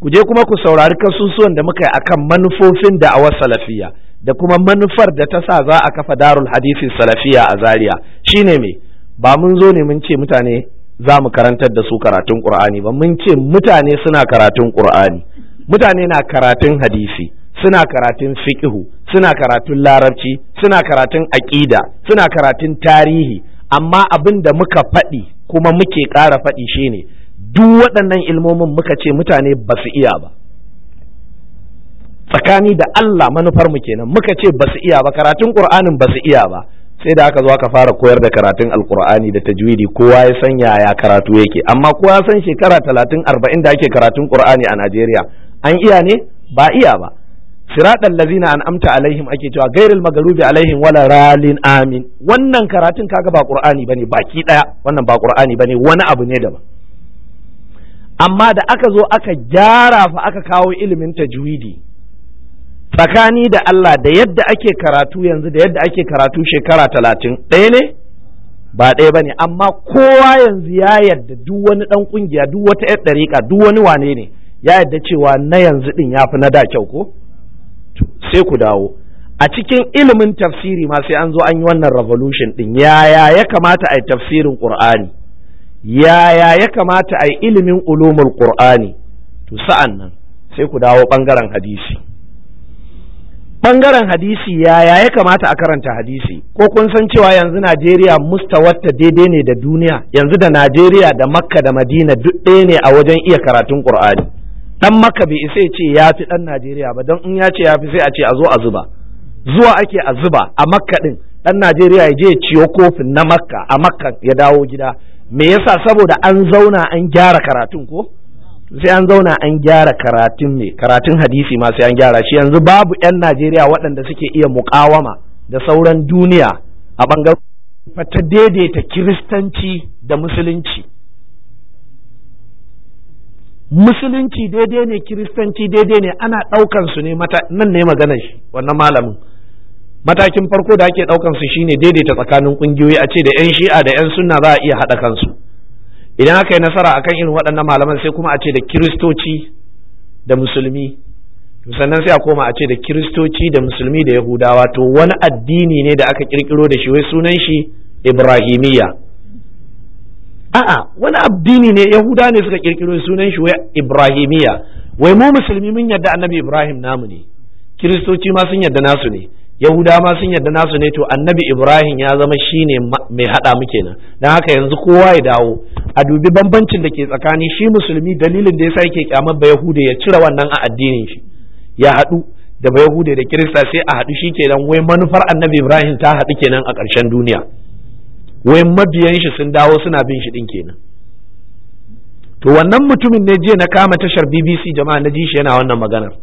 ku je kuma ku saurari kasusuwan da muka yi akan manufofin da'awar salafiya da kuma manufar da ta sa za a kafa darul hadisin salafiya a zaria shine me ba mun zo ne mun ce mutane za mu karantar da su karatun ƙur'ani ba mun ce mutane suna karatun ƙur'ani mutane na karatun hadisi suna karatun fiqhu suna karatun larabci suna karatun aƙida suna karatun tarihi amma abin da muka faɗi kuma muke ƙara faɗi shine duk waɗannan ilmomin muka ce mutane ba su iya ba tsakani da Allah manufar mu kenan muka ce ba su iya ba karatun ƙur'anin ba su iya ba sai da aka zo aka fara koyar da karatun alkur'ani da tajwidi kowa ya san yaya karatu yake amma kowa san shekara talatin arba'in da ake karatun qur'ani a najeriya an iya ne ba iya ba siratal lazina an amta alaihim ake cewa gairil magarubi alaihim wala ralin amin wannan karatun kaga ba qur'ani bane baki daya wannan ba qur'ani bane wani abu ne daban amma da aka zo aka gyara fa aka kawo ilimin tajwidi tsakani da Allah da yadda ake karatu yanzu da yadda ake karatu shekara talatin ɗaya ne ba ɗaya ba ne amma kowa yanzu ya yarda duk wani ɗan ƙungiya duk wata ‘yar ɗariƙa duk wani wane ne ya yarda cewa na yanzu ɗin ya fi na da kyau ko sai ku dawo a cikin ilimin tafsiri ma sai an zo an yi wannan revolution ɗin yaya ya kamata a yi tafsirin ƙur'ani yaya ya kamata a yi ilimin ulumul ƙur'ani to sa'an nan sai ku dawo ɓangaren hadisi bangaren hadisi yaya ya kamata a karanta hadisi ko kun san cewa yanzu Najeriya mustawarta daidai ne da duniya yanzu da Najeriya da Makka da Madina duk ɗaya ne a wajen iya karatun Qur'ani dan Makka bai isa ce ya fi dan Najeriya ba don in ya ce ya fi sai a ce a zo a zuba zuwa ake a zuba a Makka ɗin, dan Najeriya ya je ya ciyo kofin na Makka a Makka ya dawo gida me yasa saboda an zauna an gyara karatun ko sai an zauna an gyara karatun ne karatun hadisi masu yan gyara shi yanzu babu 'yan najeriya waɗanda suke iya muƙawama da sauran duniya a ɓangaren ta daidaita kiristanci da musulunci musulunci daidai ne kiristanci daidai ne ana ɗaukan su ne nan ne maganar shi wannan malamin matakin farko da ake ɗaukan su shine daidaita tsakanin ƙungiyoyi a ce da 'yan shi'a da 'yan sunna za a iya haɗa kansu idan aka yi nasara akan irin waɗannan malaman sai kuma a ce da kiristoci da musulmi sannan sai a koma a ce da kiristoci da musulmi da yahudawa to wani addini ne da aka kirkiro da shi wai sunan shi ibrahimiyya a'a wani addini ne yahuda ne suka kirkiro sunan shi wai ibrahimiyya wai mu musulmi mun yarda annabi ibrahim namu ne kiristoci ma sun yarda nasu ne yahuda ma sun yarda nasu ne to annabi ibrahim ya zama shine mai haɗa muke nan. Don haka yanzu kowa ya dawo a dubi bambancin da ke tsakani, shi musulmi dalilin da ya sake kyamar ba yahuda ya cire wannan a addinin shi ya hadu da ba yahuda da kirista sai a hadu shi kenan wai manufar annabi ibrahim ta hadu kenan a ƙarshen duniya wai mabiyan shi sun dawo suna bin shi din kenan to wannan mutumin ne jiya na kama tashar BBC jama'a na ji shi yana wannan maganar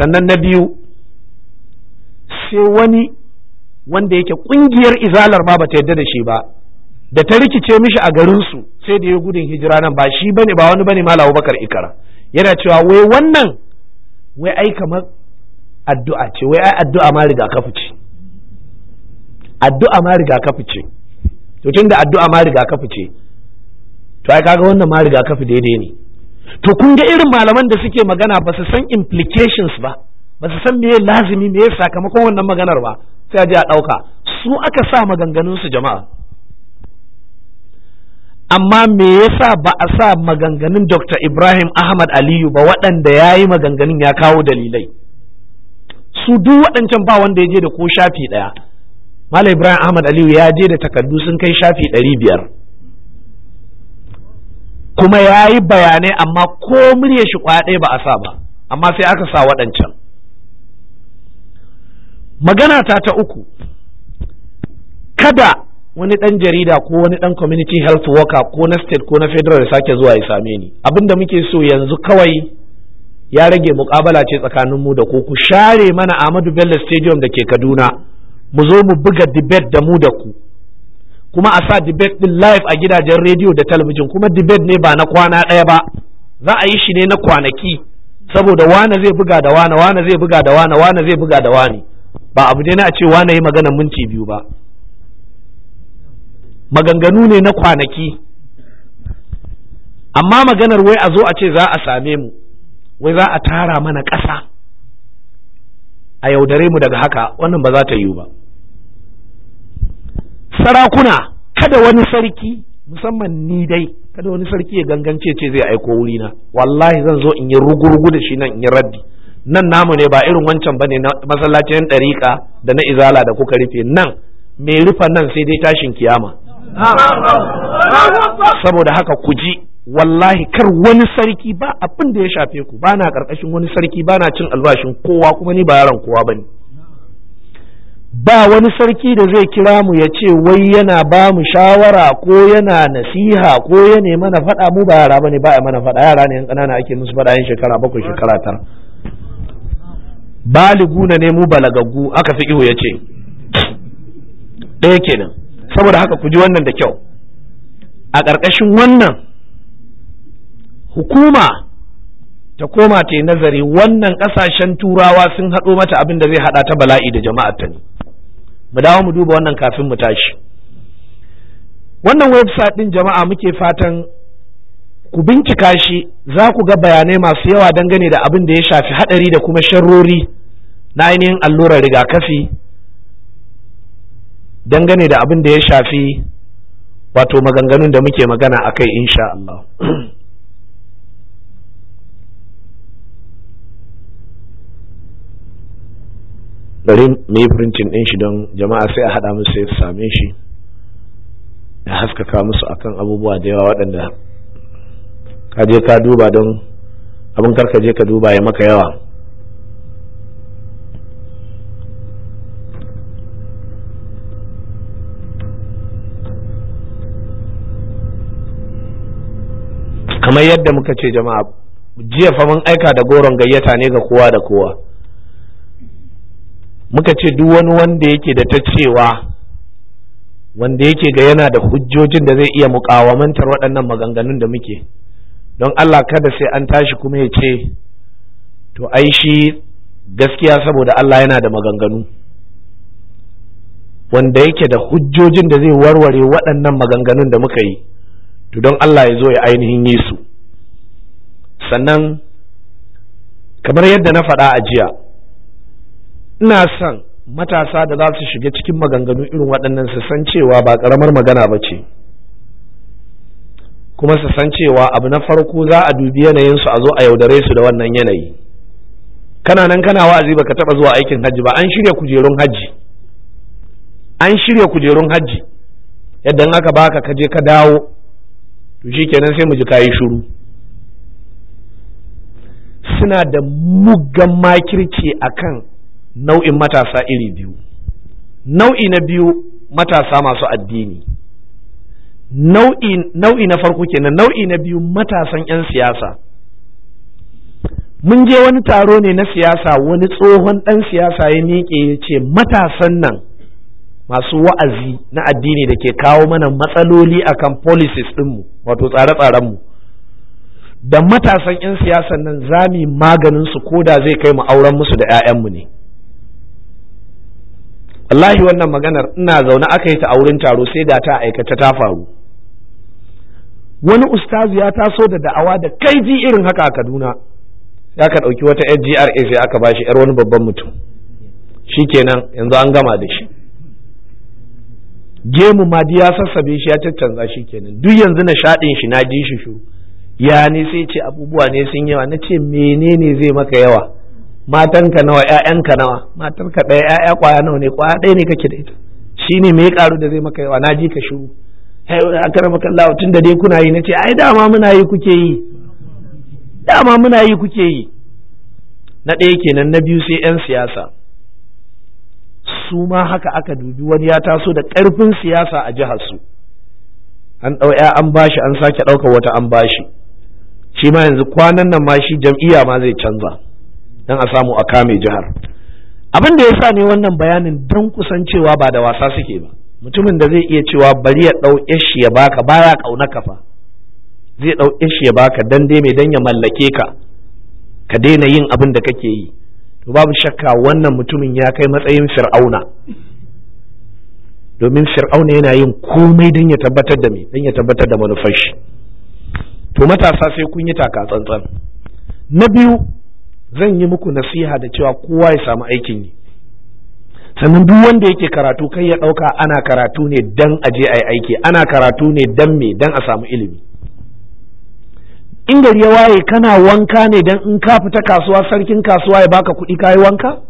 sannan na biyu ashe wani wanda yake kungiyar izalar ma bata yadda da shi ba da ta rikice mishi a garinsu sai da ya gudun hijira nan ba shi bane ba wani bane malam Bakar Ikara yana cewa wai wannan wai ai kamar addu'a ce wai ai addu'a ma rigakafi ce addu'a ma rigakafi ce to tunda addu'a ma rigakafi ce to ai kaga wannan ma rigakafi daidai ne to kun ga irin malaman da suke magana ba su san implications ba ba su san meye lazimi meye sakamakon wannan maganar ba sai a je a ɗauka su aka sa maganganun su jama'a amma me yasa ba a sa maganganun Dr. Ibrahim Ahmad Aliyu ba waɗanda ya yi maganganun ya kawo dalilai su duk waɗancan ba wanda ya je da ko shafi ɗaya Malam Ibrahim Ahmad Aliyu ya je da takardu sun kai shafi ɗari biyar kuma ya yi bayanai amma ko murya shi ɗaya ba a sa ba amma sai aka sa waɗancan magana ta ta uku kada wani ɗan jarida ko wani ɗan community health worker ko na state ko na federal ya sake zuwa ya same ni abin da muke so yanzu kawai ya rage mukabala ce tsakanin mu da ku ku share mana Ahmadu Bello Stadium da ke Kaduna mu zo mu buga debate da mu da ku kuma a sa debate ɗin live a gidajen rediyo da talabijin kuma debate ne ba na kwana ɗaya ba za a yi shi ne na kwanaki saboda wane zai buga da wane wane zai buga da wane wane zai buga da wane ba abu ne na a ce wane yi magana minti biyu ba maganganu ne na kwanaki amma maganar wai a zo a ce za a same mu wai za a tara mana ƙasa a yaudare mu daga haka wannan ba za ta yiwu ba sarakuna kada wani sarki musamman ni dai kada wani sarki ya gangance ce zai aiko wurina wallahi zan zo in yi rugurugu da shi nan in yi raddi nan namu ne ba irin wancan ba ne na masallacin ɗariƙa da na izala da kuka rufe nan mai rufa nan sai dai tashin kiyama saboda haka ku ji wallahi kar wani sarki ba abin da ya shafe ku ba na ƙarƙashin wani sarki ba na cin albashin kowa kuma ni ba yaron kowa ba ne ba wani sarki da zai kira mu ya ce wai yana ba mu shawara ko yana nasiha ko ya mana faɗa mu ba yara ba ne ba a mana faɗa yara ne yan ƙanana ake musu faɗa yan shekara bakwai shekara tara baliguna ne mu balagaggu aka fi ihu ya ce ɗaya kenan saboda haka ku ji wannan da kyau a ƙarƙashin wannan hukuma ta koma ta yi nazari wannan ƙasashen turawa sun haɗo mata abin da zai haɗa ta bala'i da jama'a ta ne mu dawo mu duba wannan kafin mu tashi wannan website ɗin jama'a muke fatan ku bincika shi za ku ga bayanai masu yawa dangane da abin da ya shafi hadari da kuma sharrori na ainihin allurar rigakafi dangane da abin da ya shafi wato maganganun da muke magana a kai insha Allah bari mu yi printin ɗin shi don jama'a sai a haɗa musu sai su same shi ya haskaka musu akan abubuwa da yawa waɗanda ka je ka duba don abin karka je ka duba ya maka yawa kamar yadda muka ce jama'a jiya fa mun aika da goron gayyata ne ga kowa da kowa muka ce duk wani wanda yake da ta cewa wanda yake ga yana da hujjojin da zai iya mukawamantar waɗannan maganganun da muke don Allah kada sai an tashi kuma ya ce to ai shi gaskiya saboda Allah yana da maganganu wanda yake da hujjojin da zai warware waɗannan maganganun da muka yi to don Allah ya zo ya ainihin yi su sannan kamar yadda na faɗa a jiya ina son matasa da za su shiga cikin maganganu irin waɗannan su san cewa ba ƙaramar magana ba ce kuma su san cewa abu na farko za a dubi yanayinsu a zo a yaudare su da wannan yanayi kana nan kana wa'azi baka taba zuwa aikin hajji ba an shirya kujerun hajji an shirya kujerun hajji yadda aka baka ka je ka dawo to kenan sai mu ji kayi shiru suna da muggan makirci akan nau'in matasa iri biyu nau'i na biyu matasa masu addini nau'i na farko kenan nau'i na biyu matasan 'yan siyasa mun je wani taro ne na siyasa wani tsohon ɗan siyasa ya miƙe ya ce matasan nan masu wa'azi na addini da ke kawo mana matsaloli akan policies ɗinmu wato tsare-tsarenmu da matasan 'yan siyasan nan za mu maganin su ko da zai kai mu auren musu da 'ya'yanmu ne wallahi wannan maganar ina zaune aka yi ta auren taro sai da ta aikata ta faru wani ustazu ya taso da da'awa da kaiji irin haka a kaduna ya ka ɗauki wata yar gra sai aka bashi yar wani babban mutum shikenan yanzu an gama da shi gemu ma ya sassabe shi ya caccanza shi kenan duk yanzu na shaɗin shi na ji shi shu ya ne sai ce abubuwa ne sun yawa na ce menene zai maka yawa matanka nawa ƴaƴanka nawa ka ɗaya ƴaƴa kwaya nawa ne kwaya ɗaya ne kake da ita shine me ya karu da zai maka yawa na ji ka shiru akaramaka Allah tun da dai kuna yi nace ai dama muna yi kuke yi dama muna yi kuke yi na ɗaya kenan na biyu sai 'yan siyasa su ma haka aka dubi wani ya taso da ƙarfin siyasa a jihar su an ɗau ya an bashi an sake ɗaukar wata an bashi shi ma yanzu kwanan nan ma shi jam'iyya ma zai canza don a samu a kame jihar abin da ya sa ne wannan bayanin don kusancewa ba da wasa suke ba mutumin da zai iya cewa bari ya ɗau shi ya baka baya ƙauna ka fa zai ɗau shi ya baka dan dai mai dan ya mallake ka ka daina yin abin da kake yi to babu shakka wannan mutumin ya kai matsayin fir'auna domin fir'auna yana yin komai dan ya tabbatar da me dan ya tabbatar da manufar shi to matasa sai kun yi taka tsantsan na biyu zan yi muku nasiha da cewa kowa ya samu aikin yi sannan duk wanda yake karatu kai ya ɗauka ana karatu ne dan a je a yi aiki ana karatu ne dan me dan a samu ilimi in gari ya waye kana wanka ne dan in ka fita kasuwa sarkin kasuwa ya baka kuɗi kayi wanka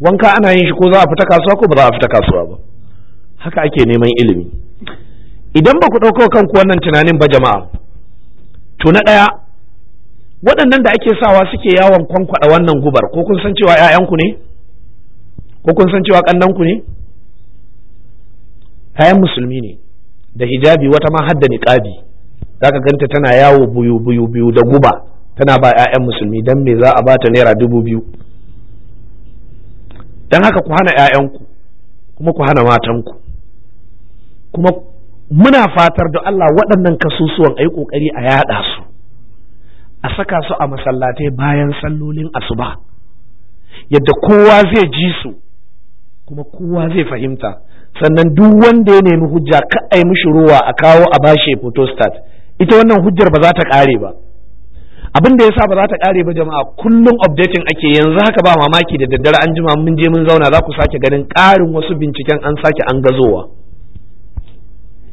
wanka ana yin shi ko za a fita kasuwa ko ba za a fita kasuwa ba haka ake neman ilimi idan ba ku ɗauko kanku wannan tunanin ba jama'a to na ɗaya waɗannan da ake sawa suke yawon kwankwaɗa wannan gubar ko kun san cewa 'ya'yanku ne ko kun san cewa ku ne kayan musulmi ne da hijabi wata ma hadda niqabi zaka ganta tana yawo buyu buyu buyu da guba tana ba ƴaƴan musulmi dan me za a ba ta naira dubu biyu dan haka ku hana ƴaƴanku kuma ku hana matanku kuma muna fatar da Allah waɗannan kasusuwan a yi ƙoƙari a yada su a saka su a masallatai bayan sallolin asuba yadda kowa zai ji su kuma kowa zai fahimta sannan duk wanda ya nemi hujja ka ai mishi ruwa a kawo a bashi photostat ita wannan hujjar ba za ta ƙare ba abin da yasa ba za ta ƙare ba jama'a kullum updating ake yanzu haka ba mamaki da daddare an jima mun je mun zauna za ku sake ganin ƙarin wasu binciken an sake an gazowa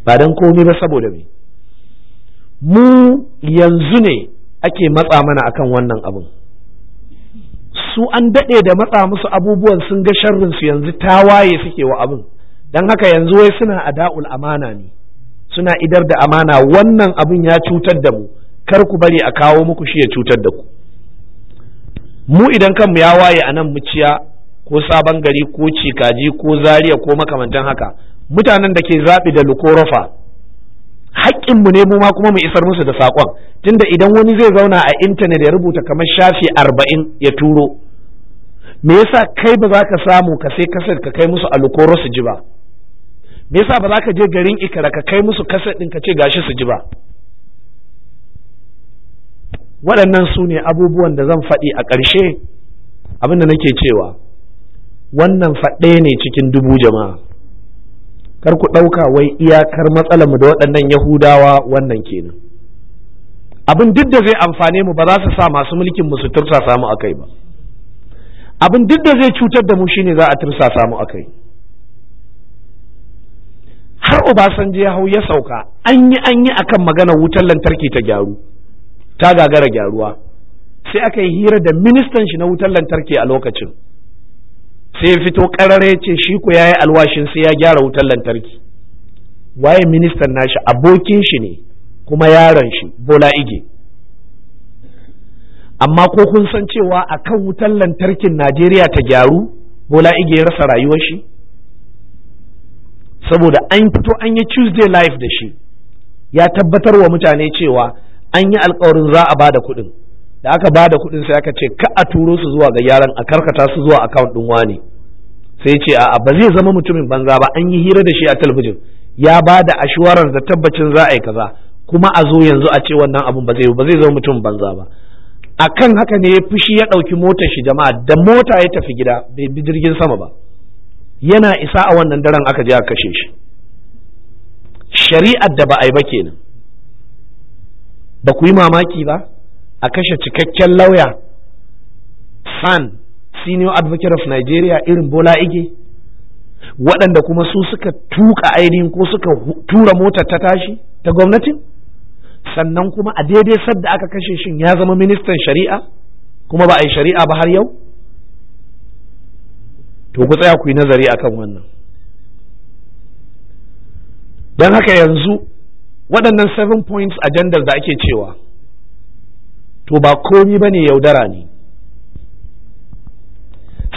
ba dan komai ba saboda me mu yanzu ne ake matsa mana akan wannan abin su an daɗe da matsa musu abubuwan sun ga sharrin su yanzu tawaye suke wa abin don haka yanzu wai suna a da'ul amana ne suna idar da amana wannan abin ya cutar da mu kar ku bari a kawo muku shi ya cutar da ku mu idan kanmu ya waye a nan muciya ko sabon gari ko cikaji ko Zariya ko makamantan haka mutanen da ke zaɓi da lukorofa haƙƙinmu ne mu ma kuma mu isar musu da saƙon tunda idan wani zai zauna a intanet ya rubuta kamar shafi arba'in ya turo me yasa kai ba za ka samu ka sai kasar ka kai musu alukoro su ji ba me yasa ba za ka je garin ikara ka kai musu kasar ɗin ka ce gashi su ji ba waɗannan su ne abubuwan da zan faɗi a ƙarshe abin da nake cewa wannan faɗe ne cikin dubu jama'a kar ku ɗauka wai iyakar mu da waɗannan yahudawa wannan kenan abin duk da zai amfane mu ba za su sa masu mulkin mu su tursa samu a kai ba abin duk da zai cutar da mu shine za a tirsasa mu akai har obasanjo ya hau ya sauka an yi an yi akan magana wutar lantarki ta gyaru ta gagara gyaruwa sai aka yi hira da ministan shi na wutar lantarki a lokacin sai ya fito karare ce shi ya yayi alwashin sai ya gyara wutar lantarki waye ministan nashi abokin shi ne kuma yaron shi bola ige amma ko kun san cewa a kan wutar lantarkin najeriya ta gyaru bola ige ya rasa rayuwar shi saboda an fito an yi tuesday life da shi ya tabbatar wa mutane cewa an yi alkawarin za a bada kuɗin da aka bada kuɗin sai aka ce ka a turo su zuwa ga yaran a karkata su zuwa akawun ɗin wani sai ce a'a ba zai zama mutumin banza ba an yi hira da shi a talabijin ya bada da da tabbacin za a yi kaza kuma a zo yanzu a ce wannan abun ba zai ba zai zama mutumin banza ba A kan haka ne ya fushi ya ɗauki motar shi jama'a da mota ya tafi gida bai bi jirgin sama ba yana isa a wannan daren aka je a kashe shi shari'ar da ba a yi ba kenan ba ku yi mamaki ba a kashe cikakken lauya san senior advocate of nigeria irin bola ige waɗanda kuma su suka tuka ainihin ko suka tura motar ta tashi ta gwamnatin sannan kuma a daidai sadda aka kashe shin ya zama ministan shari'a kuma ba a yi shari'a ba har yau to ku tsaya ku yi nazari akan wannan don haka yanzu waɗannan seven points ajandar da ake cewa to ba komi ba ne yaudara ne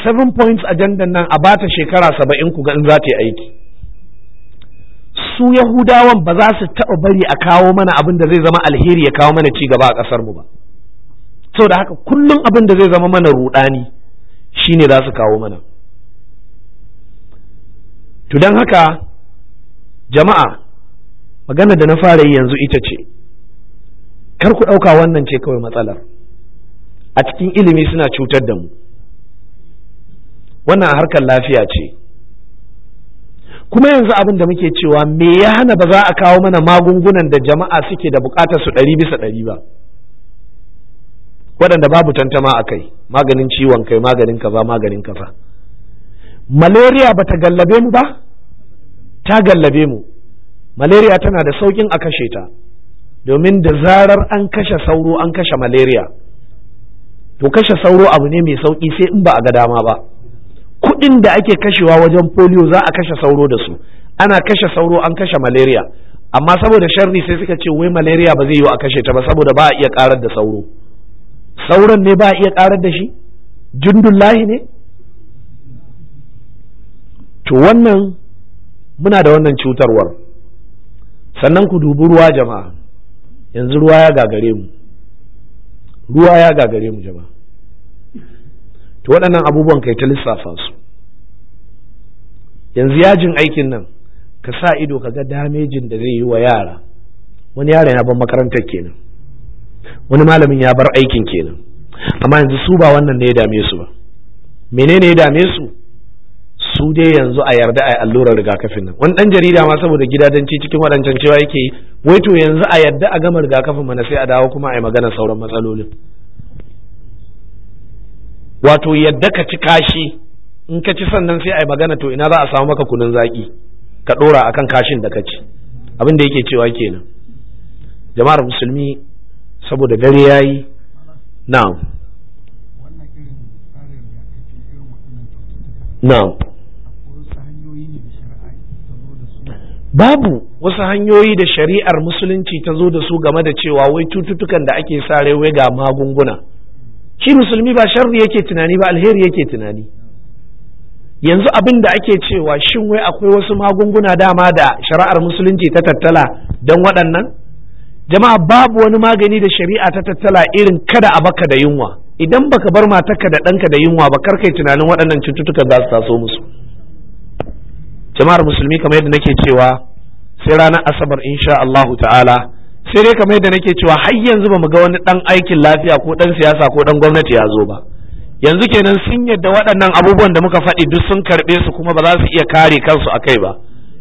seven points agenda nan a bata shekara saba'in ku ga in za ta yi aiki su yahudawan ba za su taɓa bari a kawo mana abin da zai zama alheri ya kawo mana ci gaba a ƙasar mu ba da haka kullum abin da zai zama mana ruɗani shine za su kawo mana to don haka jama'a magana da na fara yi yanzu ita ce kar ku ɗauka wannan ce kawai matsalar a cikin ilimi suna cutar da mu wannan harkar lafiya ce kuma yanzu abin da muke cewa me ya hana ba za a kawo mana magungunan da jama'a suke da bukatar su ɗari bisa ɗari ba waɗanda babu tantama a kai maganin ciwon kai maganin kaza maganin kaza malaria ba ta gallabe mu ba ta gallabe mu malaria tana da sauƙin a kashe ta domin da zarar an kashe sauro an kashe malaria to kashe sauro abu ne mai sauƙi sai in ba a ga dama ba kuɗin da ake kashewa wajen polio za a kashe sauro da su ana kashe sauro an kashe malaria amma saboda sharri sai suka ce wai malaria ba zai yi a kashe ta ba saboda ba a iya karar da sauro sauran ne ba a iya karar da shi jundullahi ne to wannan muna da wannan cutarwar sannan ku dubi ruwa jama'a yanzu ruwa ya gagare mu ruwa ya gagare mu jama'a to waɗannan abubuwan kai ta lissafa su yanzu yajin aikin nan ka sa ido ka ga damejin da zai yi wa yara wani yara ya bar makarantar kenan wani malamin ya bar aikin kenan amma yanzu su ba wannan ne ya dame su ba menene ya dame su su dai yanzu a yarda a allurar rigakafin nan wani dan jarida ma saboda gidadanci cikin waɗancan cewa yake yi wai to yanzu a yarda a gama rigakafin mana sai a dawo kuma a yi magana sauran matsalolin wato yadda ka ci kashi in ka ci sannan sai a yi magana to ina za a samu maka kunun zaki? ka ɗora akan kashin da ka ci abin da yake cewa kenan jama'ar musulmi saboda dare yayi na'am na'am babu wasu hanyoyi da shari'ar musulunci ta zo da su game da cewa wai cututtukan da ake sa wai ga magunguna shi musulmi ba sharri yake tunani ba alheri yake tunani yanzu abin da ake cewa shin wai akwai wasu magunguna dama da shari'ar musulunci ta tattala don waɗannan jama'a babu wani magani da shari'a ta tattala irin kada a baka da yunwa idan baka bar matarka da ɗanka da yunwa ba kar kai tunanin waɗannan cututtukan za su taso musu jama'ar musulmi kamar yadda nake cewa sai ranar asabar insha Allahu ta'ala sai dai kamar yadda nake cewa har yanzu ba mu ga wani ɗan aikin lafiya ko ɗan siyasa ko ɗan gwamnati ya zo ba yanzu kenan sun yadda waɗannan abubuwan da muka faɗi duk sun karɓe su kuma ba za su iya kare kansu a kai ba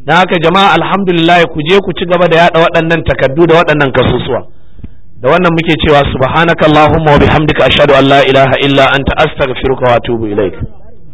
na haka jama'a alhamdulillah ku je ku ci gaba da yaɗa waɗannan takardu da waɗannan kasusuwa da wannan muke cewa subhanakallahumma wa bihamdika ashhadu an la ilaha illa anta astaghfiruka wa atubu ilaik